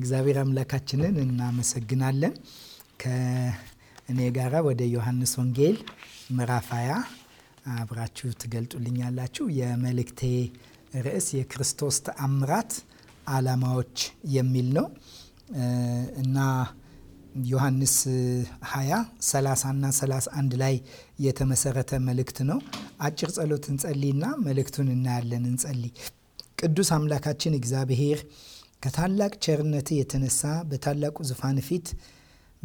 እግዚአብሔር አምላካችንን እናመሰግናለን። ከእኔ ጋር ወደ ዮሐንስ ወንጌል ምዕራፍ 20 አብራችሁ ትገልጡልኛላችሁ። የመልእክቴ ርዕስ የክርስቶስ ተአምራት ዓላማዎች የሚል ነው እና ዮሐንስ 20 30 እና 31 ላይ የተመሰረተ መልእክት ነው። አጭር ጸሎት እንጸልይና መልእክቱን እናያለን። እንጸልይ። ቅዱስ አምላካችን እግዚአብሔር ከታላቅ ቸርነት የተነሳ በታላቁ ዙፋን ፊት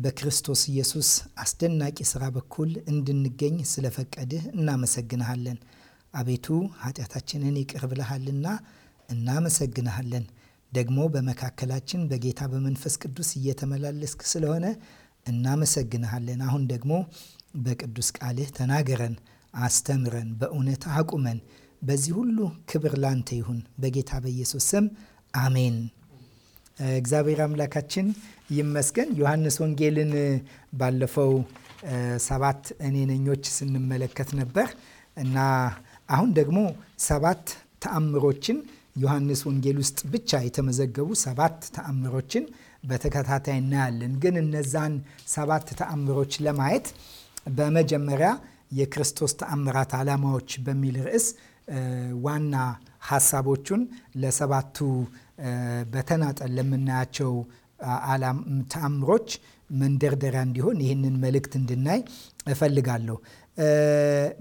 በክርስቶስ ኢየሱስ አስደናቂ ሥራ በኩል እንድንገኝ ስለፈቀድህ እናመሰግንሃለን። አቤቱ ኃጢአታችንን ይቅር ብለሃልና እናመሰግንሃለን። ደግሞ በመካከላችን በጌታ በመንፈስ ቅዱስ እየተመላለስክ ስለሆነ እናመሰግንሃለን። አሁን ደግሞ በቅዱስ ቃልህ ተናገረን፣ አስተምረን፣ በእውነት አቁመን። በዚህ ሁሉ ክብር ላንተ ይሁን። በጌታ በኢየሱስ ስም አሜን። እግዚአብሔር አምላካችን ይመስገን። ዮሐንስ ወንጌልን ባለፈው ሰባት እኔነኞች ስንመለከት ነበር እና አሁን ደግሞ ሰባት ተአምሮችን ዮሐንስ ወንጌል ውስጥ ብቻ የተመዘገቡ ሰባት ተአምሮችን በተከታታይ እናያለን። ግን እነዛን ሰባት ተአምሮች ለማየት በመጀመሪያ የክርስቶስ ተአምራት ዓላማዎች በሚል ርዕስ ዋና ሀሳቦቹን ለሰባቱ በተናጠል ለምናያቸው ተአምሮች መንደርደሪያ እንዲሆን ይህንን መልእክት እንድናይ እፈልጋለሁ።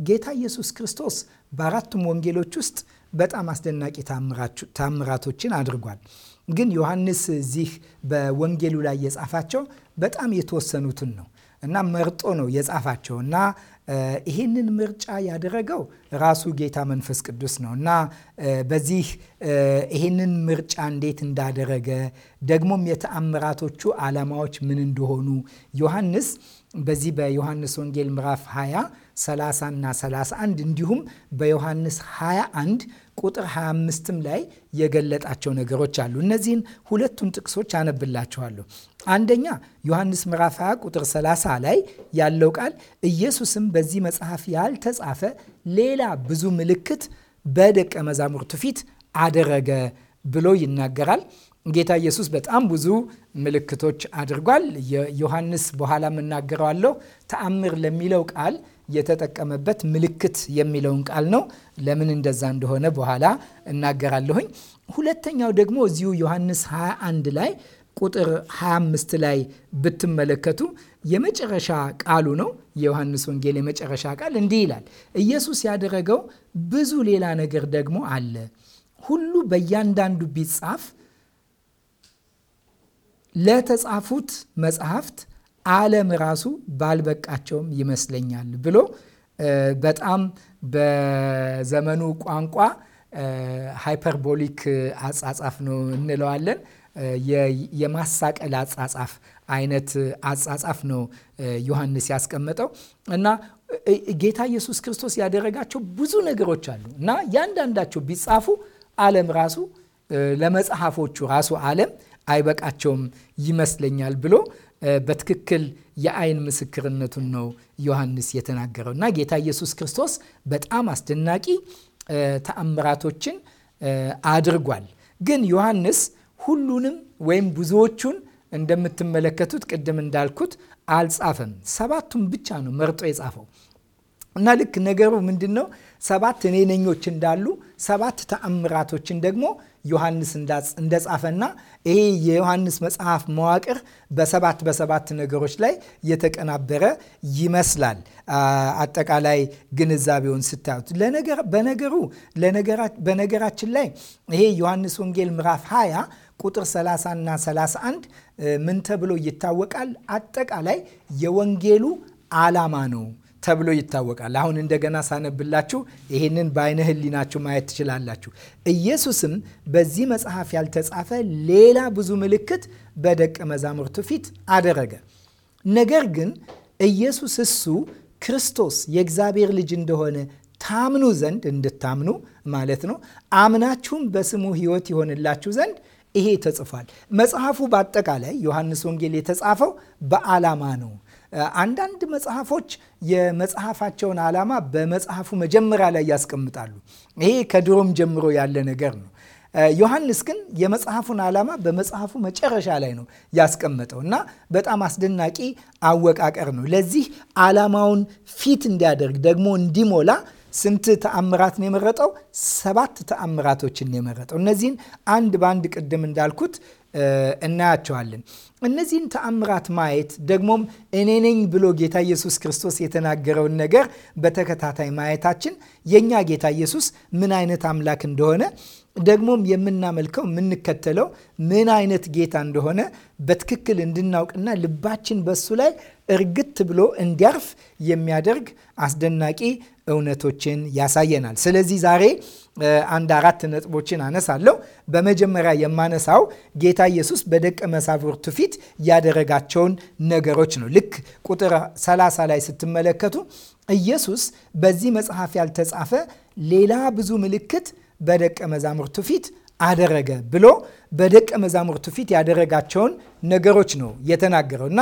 ጌታ ኢየሱስ ክርስቶስ በአራቱም ወንጌሎች ውስጥ በጣም አስደናቂ ታምራቶችን አድርጓል። ግን ዮሐንስ እዚህ በወንጌሉ ላይ የጻፋቸው በጣም የተወሰኑትን ነው እና መርጦ ነው የጻፋቸው እና ይህንን ምርጫ ያደረገው ራሱ ጌታ መንፈስ ቅዱስ ነው እና በዚህ ይህንን ምርጫ እንዴት እንዳደረገ ደግሞም የተአምራቶቹ ዓላማዎች ምን እንደሆኑ ዮሐንስ በዚህ በዮሐንስ ወንጌል ምዕራፍ 20 30 እና 31 እንዲሁም በዮሐንስ 21 ቁጥር 25ም ላይ የገለጣቸው ነገሮች አሉ። እነዚህን ሁለቱን ጥቅሶች አነብላችኋለሁ። አንደኛ ዮሐንስ ምዕራፍ 20 ቁጥር 30 ላይ ያለው ቃል ኢየሱስም በዚህ መጽሐፍ ያልተጻፈ ሌላ ብዙ ምልክት በደቀ መዛሙርቱ ፊት አደረገ ብሎ ይናገራል። ጌታ ኢየሱስ በጣም ብዙ ምልክቶች አድርጓል። ዮሐንስ በኋላ የምናገረዋለሁ ተአምር ለሚለው ቃል የተጠቀመበት ምልክት የሚለውን ቃል ነው። ለምን እንደዛ እንደሆነ በኋላ እናገራለሁኝ። ሁለተኛው ደግሞ እዚሁ ዮሐንስ 21 ላይ ቁጥር 25 ላይ ብትመለከቱ የመጨረሻ ቃሉ ነው። የዮሐንስ ወንጌል የመጨረሻ ቃል እንዲህ ይላል። ኢየሱስ ያደረገው ብዙ ሌላ ነገር ደግሞ አለ። ሁሉ በእያንዳንዱ ቢጻፍ ለተጻፉት መጽሐፍት ዓለም ራሱ ባልበቃቸውም ይመስለኛል ብሎ በጣም በዘመኑ ቋንቋ ሃይፐርቦሊክ አጻጻፍ ነው እንለዋለን። የማሳቀል አጻጻፍ አይነት አጻጻፍ ነው ዮሐንስ ያስቀመጠው እና ጌታ ኢየሱስ ክርስቶስ ያደረጋቸው ብዙ ነገሮች አሉ እና ያንዳንዳቸው ቢጻፉ ዓለም ራሱ ለመጽሐፎቹ ራሱ ዓለም አይበቃቸውም ይመስለኛል ብሎ በትክክል የአይን ምስክርነቱን ነው ዮሐንስ የተናገረው እና ጌታ ኢየሱስ ክርስቶስ በጣም አስደናቂ ተአምራቶችን አድርጓል። ግን ዮሐንስ ሁሉንም ወይም ብዙዎቹን እንደምትመለከቱት ቅድም እንዳልኩት አልጻፈም። ሰባቱን ብቻ ነው መርጦ የጻፈው እና ልክ ነገሩ ምንድን ነው? ሰባት እኔነኞች እንዳሉ ሰባት ተአምራቶችን ደግሞ ዮሐንስ እንደጻፈና ይሄ የዮሐንስ መጽሐፍ መዋቅር በሰባት በሰባት ነገሮች ላይ የተቀናበረ ይመስላል። አጠቃላይ ግንዛቤውን ስታዩት በነገሩ በነገራችን ላይ ይሄ ዮሐንስ ወንጌል ምዕራፍ 20 ቁጥር 30 እና 31 ምን ተብሎ ይታወቃል? አጠቃላይ የወንጌሉ ዓላማ ነው ተብሎ ይታወቃል። አሁን እንደገና ሳነብላችሁ ይህንን በአይነ ህሊናችሁ ማየት ትችላላችሁ። ኢየሱስም በዚህ መጽሐፍ ያልተጻፈ ሌላ ብዙ ምልክት በደቀ መዛሙርቱ ፊት አደረገ። ነገር ግን ኢየሱስ እሱ ክርስቶስ የእግዚአብሔር ልጅ እንደሆነ ታምኑ ዘንድ እንድታምኑ ማለት ነው፣ አምናችሁም በስሙ ህይወት ይሆንላችሁ ዘንድ ይሄ ተጽፏል። መጽሐፉ በአጠቃላይ ዮሐንስ ወንጌል የተጻፈው በዓላማ ነው አንዳንድ መጽሐፎች የመጽሐፋቸውን ዓላማ በመጽሐፉ መጀመሪያ ላይ ያስቀምጣሉ። ይሄ ከድሮም ጀምሮ ያለ ነገር ነው። ዮሐንስ ግን የመጽሐፉን ዓላማ በመጽሐፉ መጨረሻ ላይ ነው ያስቀመጠው እና በጣም አስደናቂ አወቃቀር ነው። ለዚህ ዓላማውን ፊት እንዲያደርግ ደግሞ እንዲሞላ ስንት ተአምራት ነው የመረጠው? ሰባት ተአምራቶችን ነው የመረጠው። እነዚህን አንድ በአንድ ቅድም እንዳልኩት እናያቸዋለን። እነዚህን ተአምራት ማየት ደግሞም እኔ ነኝ ብሎ ጌታ ኢየሱስ ክርስቶስ የተናገረውን ነገር በተከታታይ ማየታችን የእኛ ጌታ ኢየሱስ ምን አይነት አምላክ እንደሆነ ደግሞም የምናመልከው የምንከተለው ምን አይነት ጌታ እንደሆነ በትክክል እንድናውቅና ልባችን በሱ ላይ እርግት ብሎ እንዲያርፍ የሚያደርግ አስደናቂ እውነቶችን ያሳየናል። ስለዚህ ዛሬ አንድ አራት ነጥቦችን አነሳለሁ። በመጀመሪያ የማነሳው ጌታ ኢየሱስ በደቀ መዛሙርቱ ፊት ያደረጋቸውን ነገሮች ነው። ልክ ቁጥር 30 ላይ ስትመለከቱ ኢየሱስ በዚህ መጽሐፍ ያልተጻፈ ሌላ ብዙ ምልክት በደቀ መዛሙርቱ ፊት አደረገ ብሎ በደቀ መዛሙርቱ ፊት ያደረጋቸውን ነገሮች ነው የተናገረው እና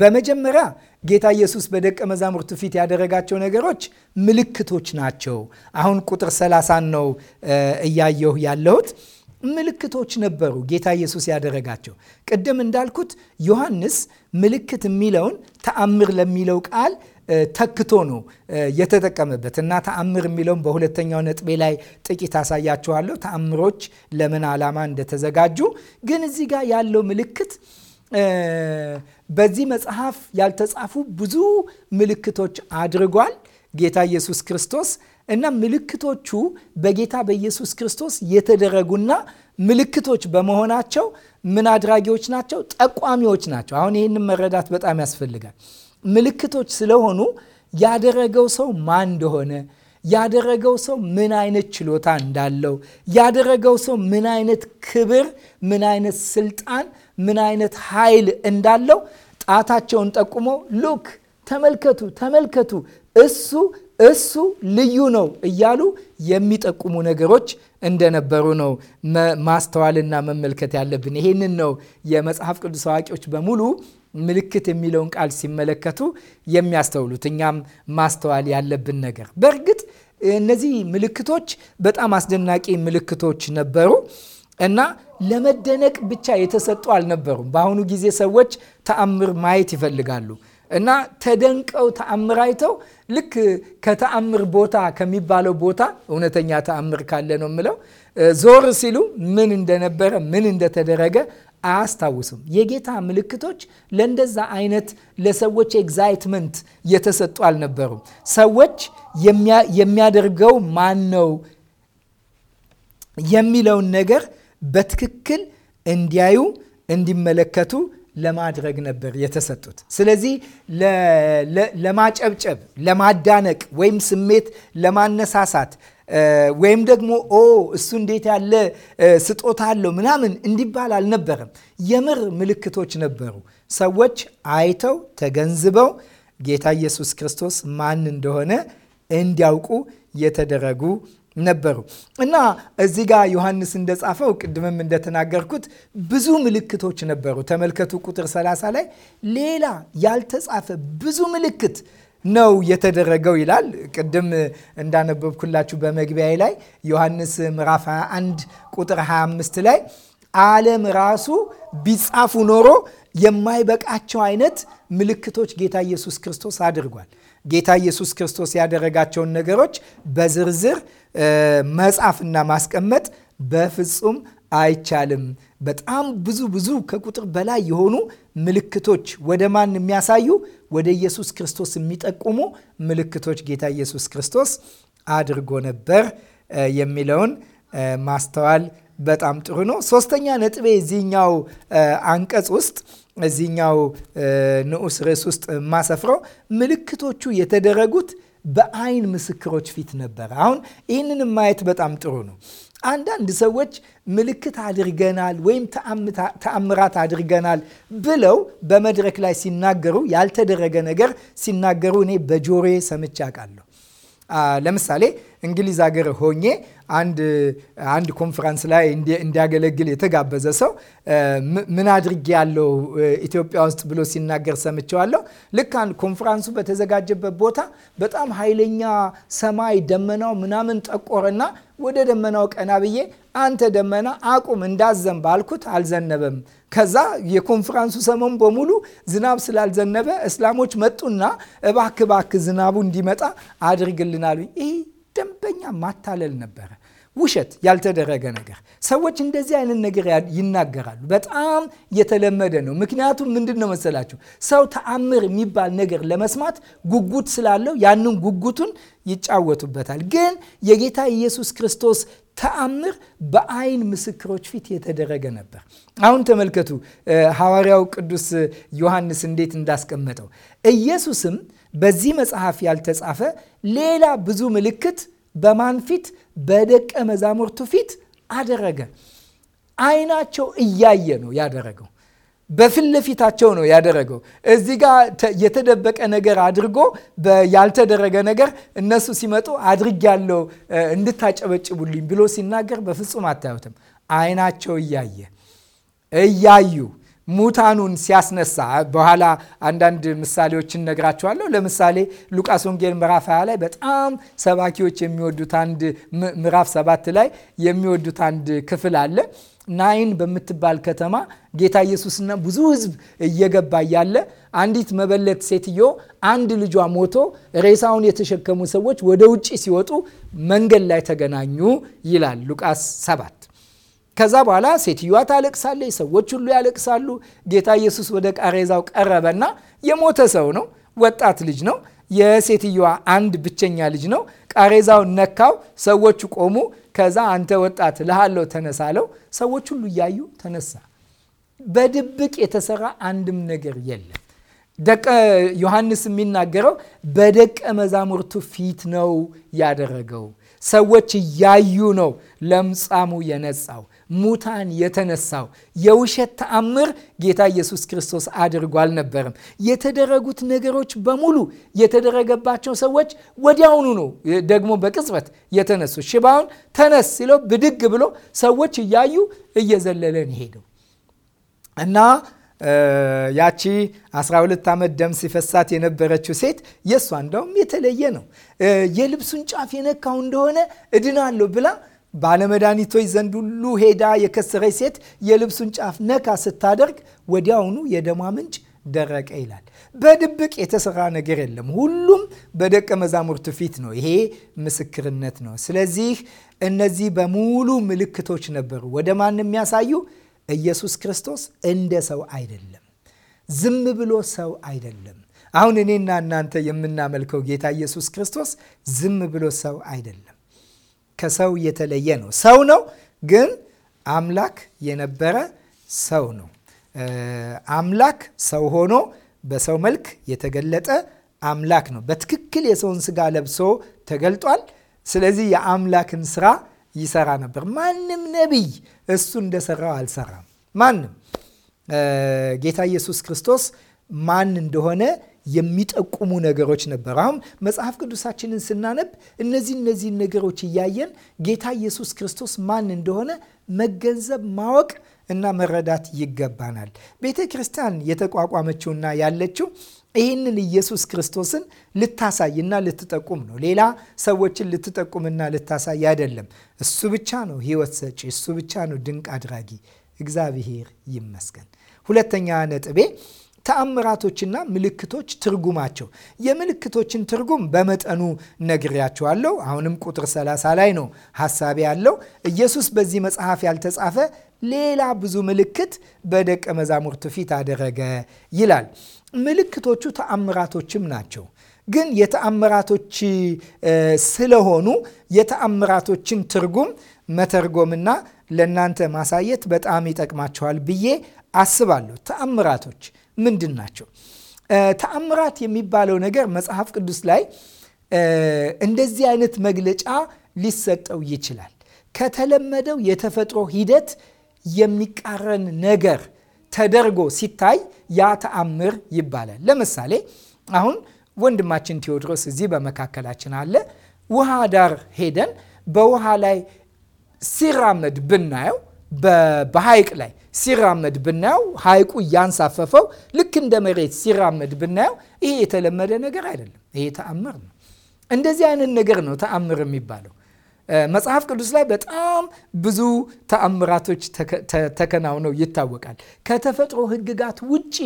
በመጀመሪያ ጌታ ኢየሱስ በደቀ መዛሙርቱ ፊት ያደረጋቸው ነገሮች ምልክቶች ናቸው። አሁን ቁጥር 30 ነው እያየሁ ያለሁት። ምልክቶች ነበሩ ጌታ ኢየሱስ ያደረጋቸው። ቅድም እንዳልኩት ዮሐንስ ምልክት የሚለውን ተአምር ለሚለው ቃል ተክቶ ነው የተጠቀመበት እና ተአምር የሚለውም በሁለተኛው ነጥቤ ላይ ጥቂት አሳያችኋለሁ። ተአምሮች ለምን ዓላማ እንደተዘጋጁ ግን እዚህ ጋር ያለው ምልክት በዚህ መጽሐፍ ያልተጻፉ ብዙ ምልክቶች አድርጓል ጌታ ኢየሱስ ክርስቶስ እና ምልክቶቹ በጌታ በኢየሱስ ክርስቶስ የተደረጉና ምልክቶች በመሆናቸው ምን አድራጊዎች ናቸው? ጠቋሚዎች ናቸው። አሁን ይህንን መረዳት በጣም ያስፈልጋል። ምልክቶች ስለሆኑ ያደረገው ሰው ማን እንደሆነ ያደረገው ሰው ምን አይነት ችሎታ እንዳለው ያደረገው ሰው ምን አይነት ክብር፣ ምን አይነት ስልጣን፣ ምን አይነት ኃይል እንዳለው ጣታቸውን ጠቁሞ ሉክ ተመልከቱ፣ ተመልከቱ እሱ እሱ ልዩ ነው እያሉ የሚጠቁሙ ነገሮች እንደነበሩ ነው ማስተዋልና መመልከት ያለብን። ይሄንን ነው የመጽሐፍ ቅዱስ አዋቂዎች በሙሉ ምልክት የሚለውን ቃል ሲመለከቱ የሚያስተውሉት እኛም ማስተዋል ያለብን ነገር በእርግጥ እነዚህ ምልክቶች በጣም አስደናቂ ምልክቶች ነበሩ እና ለመደነቅ ብቻ የተሰጡ አልነበሩም። በአሁኑ ጊዜ ሰዎች ተአምር ማየት ይፈልጋሉ እና ተደንቀው ተአምር አይተው ልክ ከተአምር ቦታ ከሚባለው ቦታ እውነተኛ ተአምር ካለ ነው የምለው ዞር ሲሉ ምን እንደነበረ ምን እንደተደረገ አያስታውስም። የጌታ ምልክቶች ለእንደዛ አይነት ለሰዎች ኤግዛይትመንት የተሰጡ አልነበሩም። ሰዎች የሚያደርገው ማን ነው የሚለውን ነገር በትክክል እንዲያዩ እንዲመለከቱ ለማድረግ ነበር የተሰጡት። ስለዚህ ለማጨብጨብ፣ ለማዳነቅ ወይም ስሜት ለማነሳሳት ወይም ደግሞ ኦ እሱ እንዴት ያለ ስጦታ አለው ምናምን እንዲባል አልነበረም። የምር ምልክቶች ነበሩ። ሰዎች አይተው ተገንዝበው ጌታ ኢየሱስ ክርስቶስ ማን እንደሆነ እንዲያውቁ የተደረጉ ነበሩ እና እዚ ጋር ዮሐንስ እንደጻፈው ቅድምም እንደተናገርኩት ብዙ ምልክቶች ነበሩ። ተመልከቱ ቁጥር 30 ላይ ሌላ ያልተጻፈ ብዙ ምልክት ነው የተደረገው ይላል። ቅድም እንዳነበብኩላችሁ በመግቢያ ላይ ዮሐንስ ምዕራፍ 21 ቁጥር 25 ላይ ዓለም ራሱ ቢጻፉ ኖሮ የማይበቃቸው አይነት ምልክቶች ጌታ ኢየሱስ ክርስቶስ አድርጓል። ጌታ ኢየሱስ ክርስቶስ ያደረጋቸውን ነገሮች በዝርዝር መጻፍና ማስቀመጥ በፍጹም አይቻልም በጣም ብዙ ብዙ ከቁጥር በላይ የሆኑ ምልክቶች ወደ ማን የሚያሳዩ ወደ ኢየሱስ ክርስቶስ የሚጠቁሙ ምልክቶች ጌታ ኢየሱስ ክርስቶስ አድርጎ ነበር የሚለውን ማስተዋል በጣም ጥሩ ነው። ሶስተኛ ነጥቤ እዚህኛው አንቀጽ ውስጥ እዚህኛው ንዑስ ርዕስ ውስጥ የማሰፍረው ምልክቶቹ የተደረጉት በአይን ምስክሮች ፊት ነበረ። አሁን ይህንንም ማየት በጣም ጥሩ ነው። አንዳንድ ሰዎች ምልክት አድርገናል ወይም ተአምራት አድርገናል ብለው በመድረክ ላይ ሲናገሩ ያልተደረገ ነገር ሲናገሩ እኔ በጆሮዬ ሰምቼ አውቃለሁ። ለምሳሌ እንግሊዝ ሀገር ሆኜ አንድ ኮንፈረንስ ላይ እንዲያገለግል የተጋበዘ ሰው ምን አድርጌ ያለው ኢትዮጵያ ውስጥ ብሎ ሲናገር ሰምቸዋለሁ። ልክ አንድ ኮንፈረንሱ በተዘጋጀበት ቦታ በጣም ኃይለኛ ሰማይ ደመናው ምናምን ጠቆረና ወደ ደመናው ቀና ብዬ አንተ ደመና አቁም እንዳዘንብ አልኩት። አልዘነበም። ከዛ የኮንፍራንሱ ሰሞን በሙሉ ዝናብ ስላልዘነበ እስላሞች መጡና እባክ ባክ ዝናቡ እንዲመጣ አድርግልን አሉኝ። ይህ ደንበኛ ማታለል ነበረ፣ ውሸት፣ ያልተደረገ ነገር። ሰዎች እንደዚህ አይነት ነገር ይናገራሉ። በጣም የተለመደ ነው። ምክንያቱም ምንድን ነው መሰላችሁ፣ ሰው ተአምር የሚባል ነገር ለመስማት ጉጉት ስላለው ያንን ጉጉቱን ይጫወቱበታል። ግን የጌታ ኢየሱስ ክርስቶስ ተአምር በአይን ምስክሮች ፊት የተደረገ ነበር። አሁን ተመልከቱ ሐዋርያው ቅዱስ ዮሐንስ እንዴት እንዳስቀመጠው። ኢየሱስም በዚህ መጽሐፍ ያልተጻፈ ሌላ ብዙ ምልክት በማን ፊት? በደቀ መዛሙርቱ ፊት አደረገ። አይናቸው እያየ ነው ያደረገው። በፊት ለፊታቸው ነው ያደረገው። እዚህ ጋር የተደበቀ ነገር አድርጎ ያልተደረገ ነገር እነሱ ሲመጡ ያለው እንድታጨበጭቡልኝ ብሎ ሲናገር በፍጹም አታዩትም። አይናቸው እያየ እያዩ ሙታኑን ሲያስነሳ በኋላ አንዳንድ ምሳሌዎችን ነግራችኋለሁ። ለምሳሌ ሉቃስ ወንጌል ምዕራፍ 20 ላይ በጣም ሰባኪዎች የሚወዱት አንድ ምዕራፍ ሰባት ላይ የሚወዱት አንድ ክፍል አለ ናይን በምትባል ከተማ ጌታ ኢየሱስና ብዙ ሕዝብ እየገባ እያለ አንዲት መበለት ሴትዮ አንድ ልጇ ሞቶ ሬሳውን የተሸከሙ ሰዎች ወደ ውጭ ሲወጡ መንገድ ላይ ተገናኙ ይላል ሉቃስ 7። ከዛ በኋላ ሴትዮዋ ታለቅሳለች፣ ሰዎች ሁሉ ያለቅሳሉ። ጌታ ኢየሱስ ወደ ቃሬዛው ቀረበና የሞተ ሰው ነው፣ ወጣት ልጅ ነው። የሴትዮዋ አንድ ብቸኛ ልጅ ነው። ቃሬዛው ነካው፣ ሰዎቹ ቆሙ። ከዛ አንተ ወጣት ልሃለው ተነሳ ሰዎች ሁሉ እያዩ ተነሳ። በድብቅ የተሰራ አንድም ነገር የለም። ደቀ ዮሐንስ የሚናገረው በደቀ መዛሙርቱ ፊት ነው ያደረገው። ሰዎች እያዩ ነው ለምጻሙ የነጻው። ሙታን የተነሳው የውሸት ተአምር ጌታ ኢየሱስ ክርስቶስ አድርጎ አልነበረም። የተደረጉት ነገሮች በሙሉ የተደረገባቸው ሰዎች ወዲያውኑ ነው፣ ደግሞ በቅጽበት የተነሱ። ሽባውን ተነስ ሲለው ብድግ ብሎ ሰዎች እያዩ እየዘለለን ሄደው እና ያቺ 12 ዓመት ደም ሲፈሳት የነበረችው ሴት የእሷ እንደውም የተለየ ነው። የልብሱን ጫፍ የነካው እንደሆነ እድናለሁ ብላ ባለመድኃኒቶች ዘንድ ሁሉ ሄዳ የከሰረች ሴት የልብሱን ጫፍ ነካ ስታደርግ ወዲያውኑ የደሟ ምንጭ ደረቀ ይላል። በድብቅ የተሰራ ነገር የለም። ሁሉም በደቀ መዛሙርቱ ፊት ነው። ይሄ ምስክርነት ነው። ስለዚህ እነዚህ በሙሉ ምልክቶች ነበሩ። ወደ ማን የሚያሳዩ? ኢየሱስ ክርስቶስ እንደ ሰው አይደለም። ዝም ብሎ ሰው አይደለም። አሁን እኔና እናንተ የምናመልከው ጌታ ኢየሱስ ክርስቶስ ዝም ብሎ ሰው አይደለም። ከሰው የተለየ ነው። ሰው ነው፣ ግን አምላክ የነበረ ሰው ነው። አምላክ ሰው ሆኖ በሰው መልክ የተገለጠ አምላክ ነው። በትክክል የሰውን ስጋ ለብሶ ተገልጧል። ስለዚህ የአምላክን ስራ ይሰራ ነበር። ማንም ነቢይ እሱ እንደሰራው አልሰራም። ማንም ጌታ ኢየሱስ ክርስቶስ ማን እንደሆነ የሚጠቁሙ ነገሮች ነበሩ። አሁን መጽሐፍ ቅዱሳችንን ስናነብ እነዚህ እነዚህን ነገሮች እያየን ጌታ ኢየሱስ ክርስቶስ ማን እንደሆነ መገንዘብ፣ ማወቅ እና መረዳት ይገባናል። ቤተ ክርስቲያን የተቋቋመችውና ያለችው ይህንን ኢየሱስ ክርስቶስን ልታሳይና ልትጠቁም ነው። ሌላ ሰዎችን ልትጠቁምና ልታሳይ አይደለም። እሱ ብቻ ነው ሕይወት ሰጪ፣ እሱ ብቻ ነው ድንቅ አድራጊ። እግዚአብሔር ይመስገን። ሁለተኛ ነጥቤ ተአምራቶችና ምልክቶች ትርጉማቸው። የምልክቶችን ትርጉም በመጠኑ ነግሬያቸዋለሁ። አሁንም ቁጥር 30 ላይ ነው ሀሳቢ ያለው። ኢየሱስ በዚህ መጽሐፍ ያልተጻፈ ሌላ ብዙ ምልክት በደቀ መዛሙርቱ ፊት አደረገ ይላል። ምልክቶቹ ተአምራቶችም ናቸው ግን የተአምራቶች ስለሆኑ የተአምራቶችን ትርጉም መተርጎምና ለእናንተ ማሳየት በጣም ይጠቅማቸዋል ብዬ አስባለሁ። ተአምራቶች ምንድን ናቸው? ተአምራት የሚባለው ነገር መጽሐፍ ቅዱስ ላይ እንደዚህ አይነት መግለጫ ሊሰጠው ይችላል። ከተለመደው የተፈጥሮ ሂደት የሚቃረን ነገር ተደርጎ ሲታይ ያ ተአምር ይባላል። ለምሳሌ አሁን ወንድማችን ቴዎድሮስ እዚህ በመካከላችን አለ። ውሃ ዳር ሄደን በውሃ ላይ ሲራመድ ብናየው በሐይቅ ላይ ሲራመድ ብናየው ሐይቁ እያንሳፈፈው ልክ እንደ መሬት ሲራመድ ብናየው ይሄ የተለመደ ነገር አይደለም። ይሄ ተአምር ነው። እንደዚህ አይነት ነገር ነው ተአምር የሚባለው። መጽሐፍ ቅዱስ ላይ በጣም ብዙ ተአምራቶች ተከናውነው ይታወቃል። ከተፈጥሮ ሕግጋት ውጪ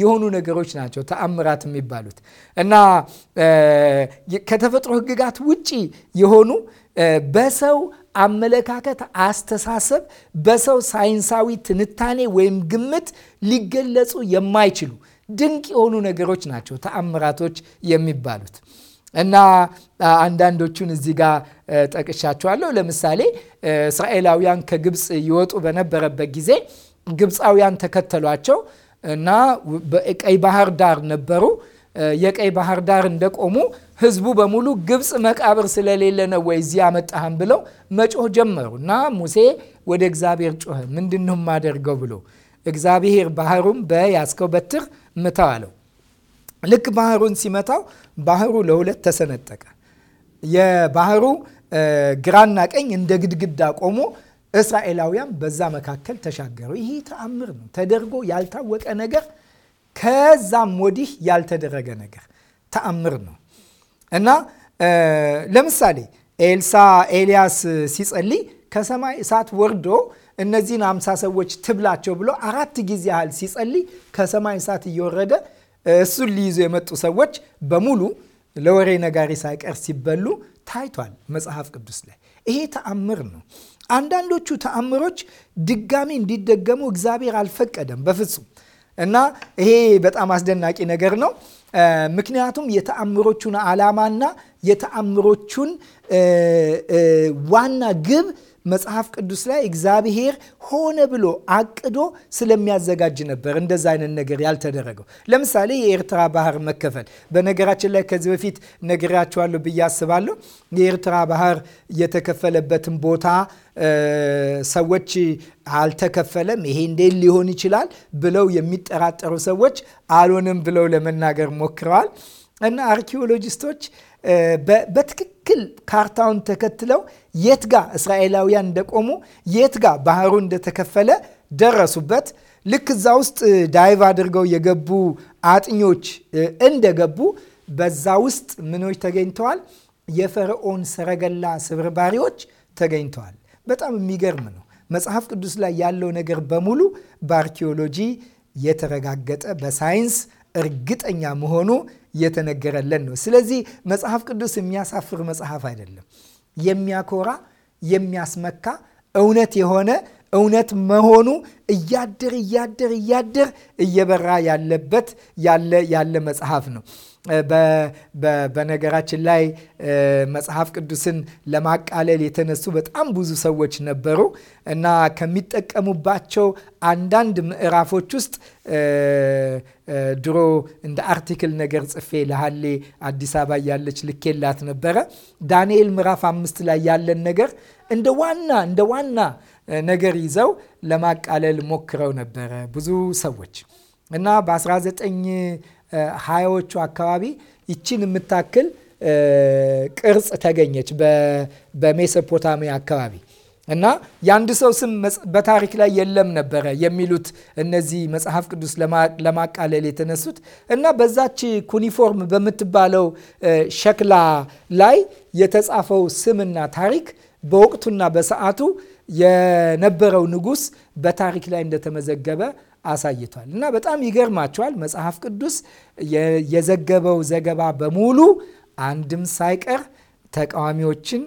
የሆኑ ነገሮች ናቸው ተአምራት የሚባሉት እና ከተፈጥሮ ሕግጋት ውጪ የሆኑ በሰው አመለካከት፣ አስተሳሰብ፣ በሰው ሳይንሳዊ ትንታኔ ወይም ግምት ሊገለጹ የማይችሉ ድንቅ የሆኑ ነገሮች ናቸው ተአምራቶች የሚባሉት። እና አንዳንዶቹን እዚህ ጋር ጠቅሻቸዋለሁ። ለምሳሌ እስራኤላውያን ከግብፅ ይወጡ በነበረበት ጊዜ ግብፃውያን ተከተሏቸው እና በቀይ ባህር ዳር ነበሩ። የቀይ ባህር ዳር እንደቆሙ ህዝቡ በሙሉ ግብፅ መቃብር ስለሌለ ነው ወይ እዚህ አመጣህን ብለው መጮህ ጀመሩ እና ሙሴ ወደ እግዚአብሔር ጮኸ። ምንድን ነው የማደርገው ብሎ እግዚአብሔር ባህሩም በያዝከው በትር ምታው አለው። ልክ ባህሩን ሲመታው ባህሩ ለሁለት ተሰነጠቀ። የባህሩ ግራና ቀኝ እንደ ግድግዳ ቆሞ እስራኤላውያን በዛ መካከል ተሻገሩ። ይህ ተአምር ነው። ተደርጎ ያልታወቀ ነገር፣ ከዛም ወዲህ ያልተደረገ ነገር ተአምር ነው እና ለምሳሌ ኤልሳ ኤልያስ ሲጸልይ ከሰማይ እሳት ወርዶ እነዚህን አምሳ ሰዎች ትብላቸው ብሎ አራት ጊዜ ያህል ሲጸልይ ከሰማይ እሳት እየወረደ እሱን ሊይዙ የመጡ ሰዎች በሙሉ ለወሬ ነጋሪ ሳይቀር ሲበሉ ታይቷል መጽሐፍ ቅዱስ ላይ። ይሄ ተአምር ነው። አንዳንዶቹ ተአምሮች ድጋሚ እንዲደገሙ እግዚአብሔር አልፈቀደም በፍጹም። እና ይሄ በጣም አስደናቂ ነገር ነው። ምክንያቱም የተአምሮቹን ዓላማና የተአምሮቹን ዋና ግብ መጽሐፍ ቅዱስ ላይ እግዚአብሔር ሆነ ብሎ አቅዶ ስለሚያዘጋጅ ነበር እንደዛ አይነት ነገር ያልተደረገው። ለምሳሌ የኤርትራ ባህር መከፈል፣ በነገራችን ላይ ከዚህ በፊት ነግሬያቸዋለሁ ብዬ አስባለሁ። የኤርትራ ባህር የተከፈለበትን ቦታ ሰዎች አልተከፈለም፣ ይሄ እንዴት ሊሆን ይችላል ብለው የሚጠራጠሩ ሰዎች አልሆንም ብለው ለመናገር ሞክረዋል እና አርኪኦሎጂስቶች በትክክል በትክክል ካርታውን ተከትለው የት ጋ እስራኤላውያን እንደቆሙ የት ጋ ባህሩ እንደተከፈለ ደረሱበት። ልክ እዛ ውስጥ ዳይቭ አድርገው የገቡ አጥኞች እንደገቡ በዛ ውስጥ ምኖች ተገኝተዋል። የፈርዖን ሰረገላ ስብርባሪዎች ተገኝተዋል። በጣም የሚገርም ነው። መጽሐፍ ቅዱስ ላይ ያለው ነገር በሙሉ በአርኪኦሎጂ የተረጋገጠ በሳይንስ እርግጠኛ መሆኑ የተነገረለን ነው። ስለዚህ መጽሐፍ ቅዱስ የሚያሳፍር መጽሐፍ አይደለም። የሚያኮራ የሚያስመካ እውነት የሆነ እውነት መሆኑ እያደር እያደር እያደር እየበራ ያለበት ያለ መጽሐፍ ነው። በነገራችን ላይ መጽሐፍ ቅዱስን ለማቃለል የተነሱ በጣም ብዙ ሰዎች ነበሩ እና ከሚጠቀሙባቸው አንዳንድ ምዕራፎች ውስጥ ድሮ እንደ አርቲክል ነገር ጽፌ ለሀሌ አዲስ አበባ ያለች ልኬላት ነበረ። ዳንኤል ምዕራፍ አምስት ላይ ያለን ነገር እንደ ዋና እንደ ዋና ነገር ይዘው ለማቃለል ሞክረው ነበረ ብዙ ሰዎች እና በ19 ሀያዎቹ አካባቢ ይችን የምታክል ቅርጽ ተገኘች በሜሶፖታሚያ አካባቢ እና የአንድ ሰው ስም በታሪክ ላይ የለም ነበረ የሚሉት እነዚህ መጽሐፍ ቅዱስ ለማቃለል የተነሱት እና በዛች ኩኒፎርም በምትባለው ሸክላ ላይ የተጻፈው ስምና ታሪክ በወቅቱና በሰዓቱ የነበረው ንጉስ በታሪክ ላይ እንደተመዘገበ አሳይቷል። እና በጣም ይገርማቸዋል። መጽሐፍ ቅዱስ የዘገበው ዘገባ በሙሉ አንድም ሳይቀር ተቃዋሚዎችን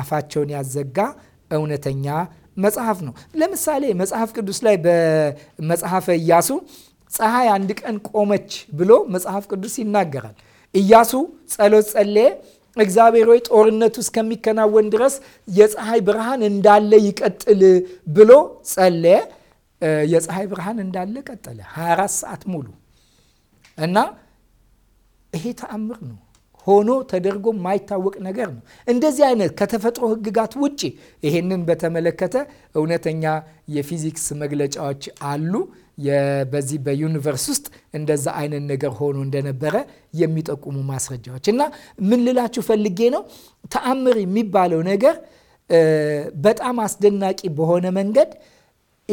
አፋቸውን ያዘጋ እውነተኛ መጽሐፍ ነው። ለምሳሌ መጽሐፍ ቅዱስ ላይ በመጽሐፈ እያሱ ፀሐይ አንድ ቀን ቆመች ብሎ መጽሐፍ ቅዱስ ይናገራል። እያሱ ጸሎት ጸለየ፣ እግዚአብሔር ሆይ ጦርነቱ እስከሚከናወን ድረስ የፀሐይ ብርሃን እንዳለ ይቀጥል ብሎ ጸለየ። የፀሐይ ብርሃን እንዳለ ቀጠለ 24 ሰዓት ሙሉ እና ይሄ ተአምር ነው። ሆኖ ተደርጎ የማይታወቅ ነገር ነው። እንደዚህ አይነት ከተፈጥሮ ሕግጋት ውጭ ይሄንን በተመለከተ እውነተኛ የፊዚክስ መግለጫዎች አሉ። በዚህ በዩኒቨርስ ውስጥ እንደዛ አይነት ነገር ሆኖ እንደነበረ የሚጠቁሙ ማስረጃዎች እና ምን ልላችሁ ፈልጌ ነው ተአምር የሚባለው ነገር በጣም አስደናቂ በሆነ መንገድ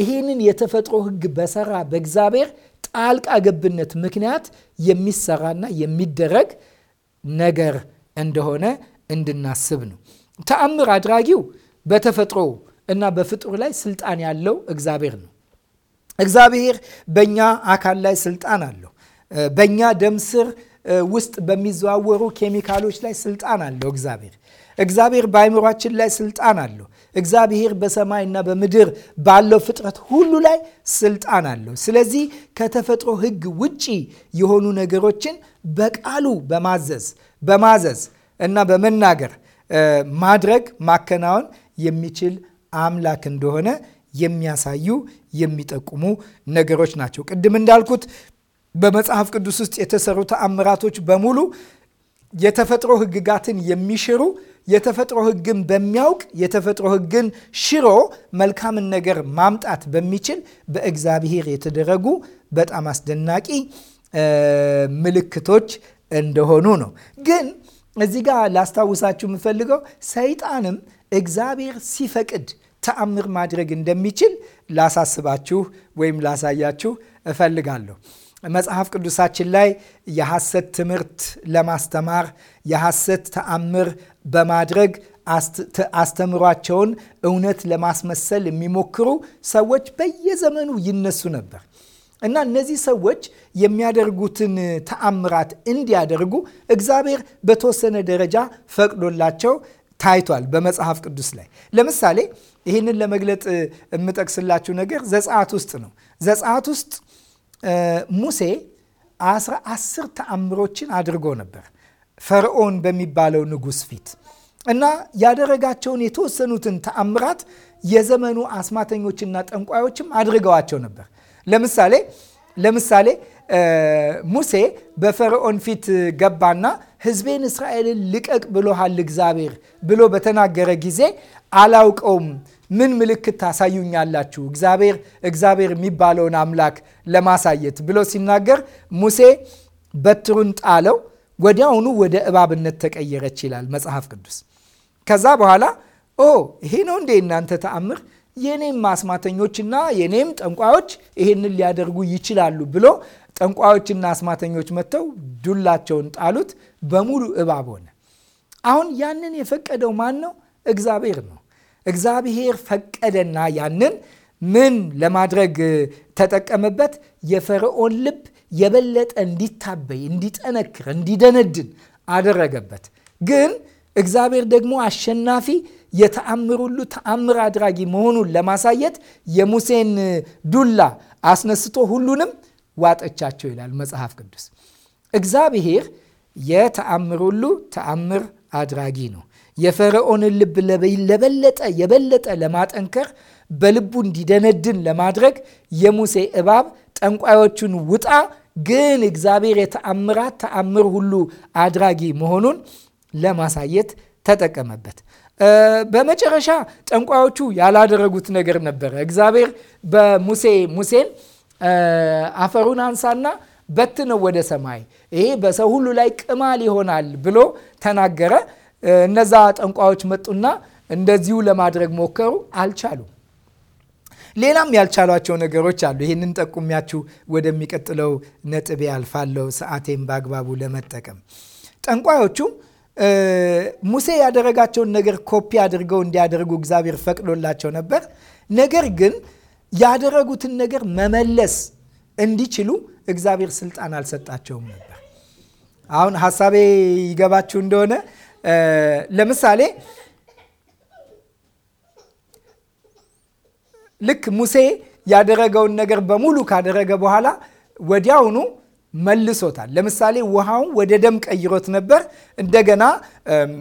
ይህንን የተፈጥሮ ሕግ በሰራ በእግዚአብሔር ጣልቃ ገብነት ምክንያት የሚሰራና የሚደረግ ነገር እንደሆነ እንድናስብ ነው። ተአምር አድራጊው በተፈጥሮ እና በፍጡር ላይ ስልጣን ያለው እግዚአብሔር ነው። እግዚአብሔር በእኛ አካል ላይ ስልጣን አለው። በእኛ ደም ስር ውስጥ በሚዘዋወሩ ኬሚካሎች ላይ ስልጣን አለው። እግዚአብሔር እግዚአብሔር በአይምሯችን ላይ ስልጣን አለው። እግዚአብሔር በሰማይና በምድር ባለው ፍጥረት ሁሉ ላይ ስልጣን አለው። ስለዚህ ከተፈጥሮ ሕግ ውጪ የሆኑ ነገሮችን በቃሉ በማዘዝ በማዘዝ እና በመናገር ማድረግ ማከናወን የሚችል አምላክ እንደሆነ የሚያሳዩ የሚጠቁሙ ነገሮች ናቸው። ቅድም እንዳልኩት በመጽሐፍ ቅዱስ ውስጥ የተሰሩ ተአምራቶች በሙሉ የተፈጥሮ ሕግጋትን የሚሽሩ የተፈጥሮ ሕግን በሚያውቅ የተፈጥሮ ሕግን ሽሮ መልካምን ነገር ማምጣት በሚችል በእግዚአብሔር የተደረጉ በጣም አስደናቂ ምልክቶች እንደሆኑ ነው። ግን እዚህ ጋር ላስታውሳችሁ የምፈልገው ሰይጣንም እግዚአብሔር ሲፈቅድ ተአምር ማድረግ እንደሚችል ላሳስባችሁ ወይም ላሳያችሁ እፈልጋለሁ። መጽሐፍ ቅዱሳችን ላይ የሐሰት ትምህርት ለማስተማር የሐሰት ተአምር በማድረግ አስተምሯቸውን እውነት ለማስመሰል የሚሞክሩ ሰዎች በየዘመኑ ይነሱ ነበር እና እነዚህ ሰዎች የሚያደርጉትን ተአምራት እንዲያደርጉ እግዚአብሔር በተወሰነ ደረጃ ፈቅዶላቸው ታይቷል በመጽሐፍ ቅዱስ ላይ ለምሳሌ ይህንን ለመግለጥ የምጠቅስላችሁ ነገር ዘጸአት ውስጥ ነው። ዘጸአት ውስጥ ሙሴ አስራ አስር ተአምሮችን አድርጎ ነበር ፈርዖን በሚባለው ንጉሥ ፊት እና ያደረጋቸውን የተወሰኑትን ተአምራት የዘመኑ አስማተኞችና ጠንቋዮችም አድርገዋቸው ነበር። ለምሳሌ ለምሳሌ ሙሴ በፈርዖን ፊት ገባና ህዝቤን እስራኤልን ልቀቅ ብሎሃል እግዚአብሔር ብሎ በተናገረ ጊዜ አላውቀውም ምን ምልክት ታሳዩኛላችሁ? እግዚአብሔር እግዚአብሔር የሚባለውን አምላክ ለማሳየት ብሎ ሲናገር ሙሴ በትሩን ጣለው፣ ወዲያውኑ ወደ እባብነት ተቀየረች ይላል መጽሐፍ ቅዱስ። ከዛ በኋላ ኦ ይሄ ነው እንዴ እናንተ ተአምር፣ የኔም አስማተኞችና የኔም ጠንቋዮች ይሄንን ሊያደርጉ ይችላሉ ብሎ ጠንቋዮችና አስማተኞች መጥተው ዱላቸውን ጣሉት፣ በሙሉ እባብ ሆነ። አሁን ያንን የፈቀደው ማን ነው? እግዚአብሔር ነው። እግዚአብሔር ፈቀደና ያንን ምን ለማድረግ ተጠቀመበት? የፈርዖን ልብ የበለጠ እንዲታበይ፣ እንዲጠነክር፣ እንዲደነድን አደረገበት። ግን እግዚአብሔር ደግሞ አሸናፊ የተአምር ሁሉ ተአምር አድራጊ መሆኑን ለማሳየት የሙሴን ዱላ አስነስቶ ሁሉንም ዋጠቻቸው ይላል መጽሐፍ ቅዱስ። እግዚአብሔር የተአምር ሁሉ ተአምር አድራጊ ነው። የፈርዖንን ልብ ለበለጠ የበለጠ ለማጠንከር በልቡ እንዲደነድን ለማድረግ የሙሴ እባብ ጠንቋዮቹን ውጣ፣ ግን እግዚአብሔር የተአምራት ተአምር ሁሉ አድራጊ መሆኑን ለማሳየት ተጠቀመበት። በመጨረሻ ጠንቋዮቹ ያላደረጉት ነገር ነበረ። እግዚአብሔር በሙሴ ሙሴን አፈሩን አንሳና በትነው ወደ ሰማይ፣ ይሄ በሰው ሁሉ ላይ ቅማል ይሆናል ብሎ ተናገረ። እነዛ ጠንቋዮች መጡና እንደዚሁ ለማድረግ ሞከሩ፣ አልቻሉ ሌላም ያልቻሏቸው ነገሮች አሉ። ይህንን ጠቁሚያችሁ ወደሚቀጥለው ነጥቤ ያልፋለው ሰዓቴን በአግባቡ ለመጠቀም ጠንቋዮቹ ሙሴ ያደረጋቸውን ነገር ኮፒ አድርገው እንዲያደርጉ እግዚአብሔር ፈቅዶላቸው ነበር። ነገር ግን ያደረጉትን ነገር መመለስ እንዲችሉ እግዚአብሔር ስልጣን አልሰጣቸውም ነበር። አሁን ሀሳቤ ይገባችሁ እንደሆነ ለምሳሌ ልክ ሙሴ ያደረገውን ነገር በሙሉ ካደረገ በኋላ ወዲያውኑ መልሶታል። ለምሳሌ ውሃውን ወደ ደም ቀይሮት ነበር። እንደገና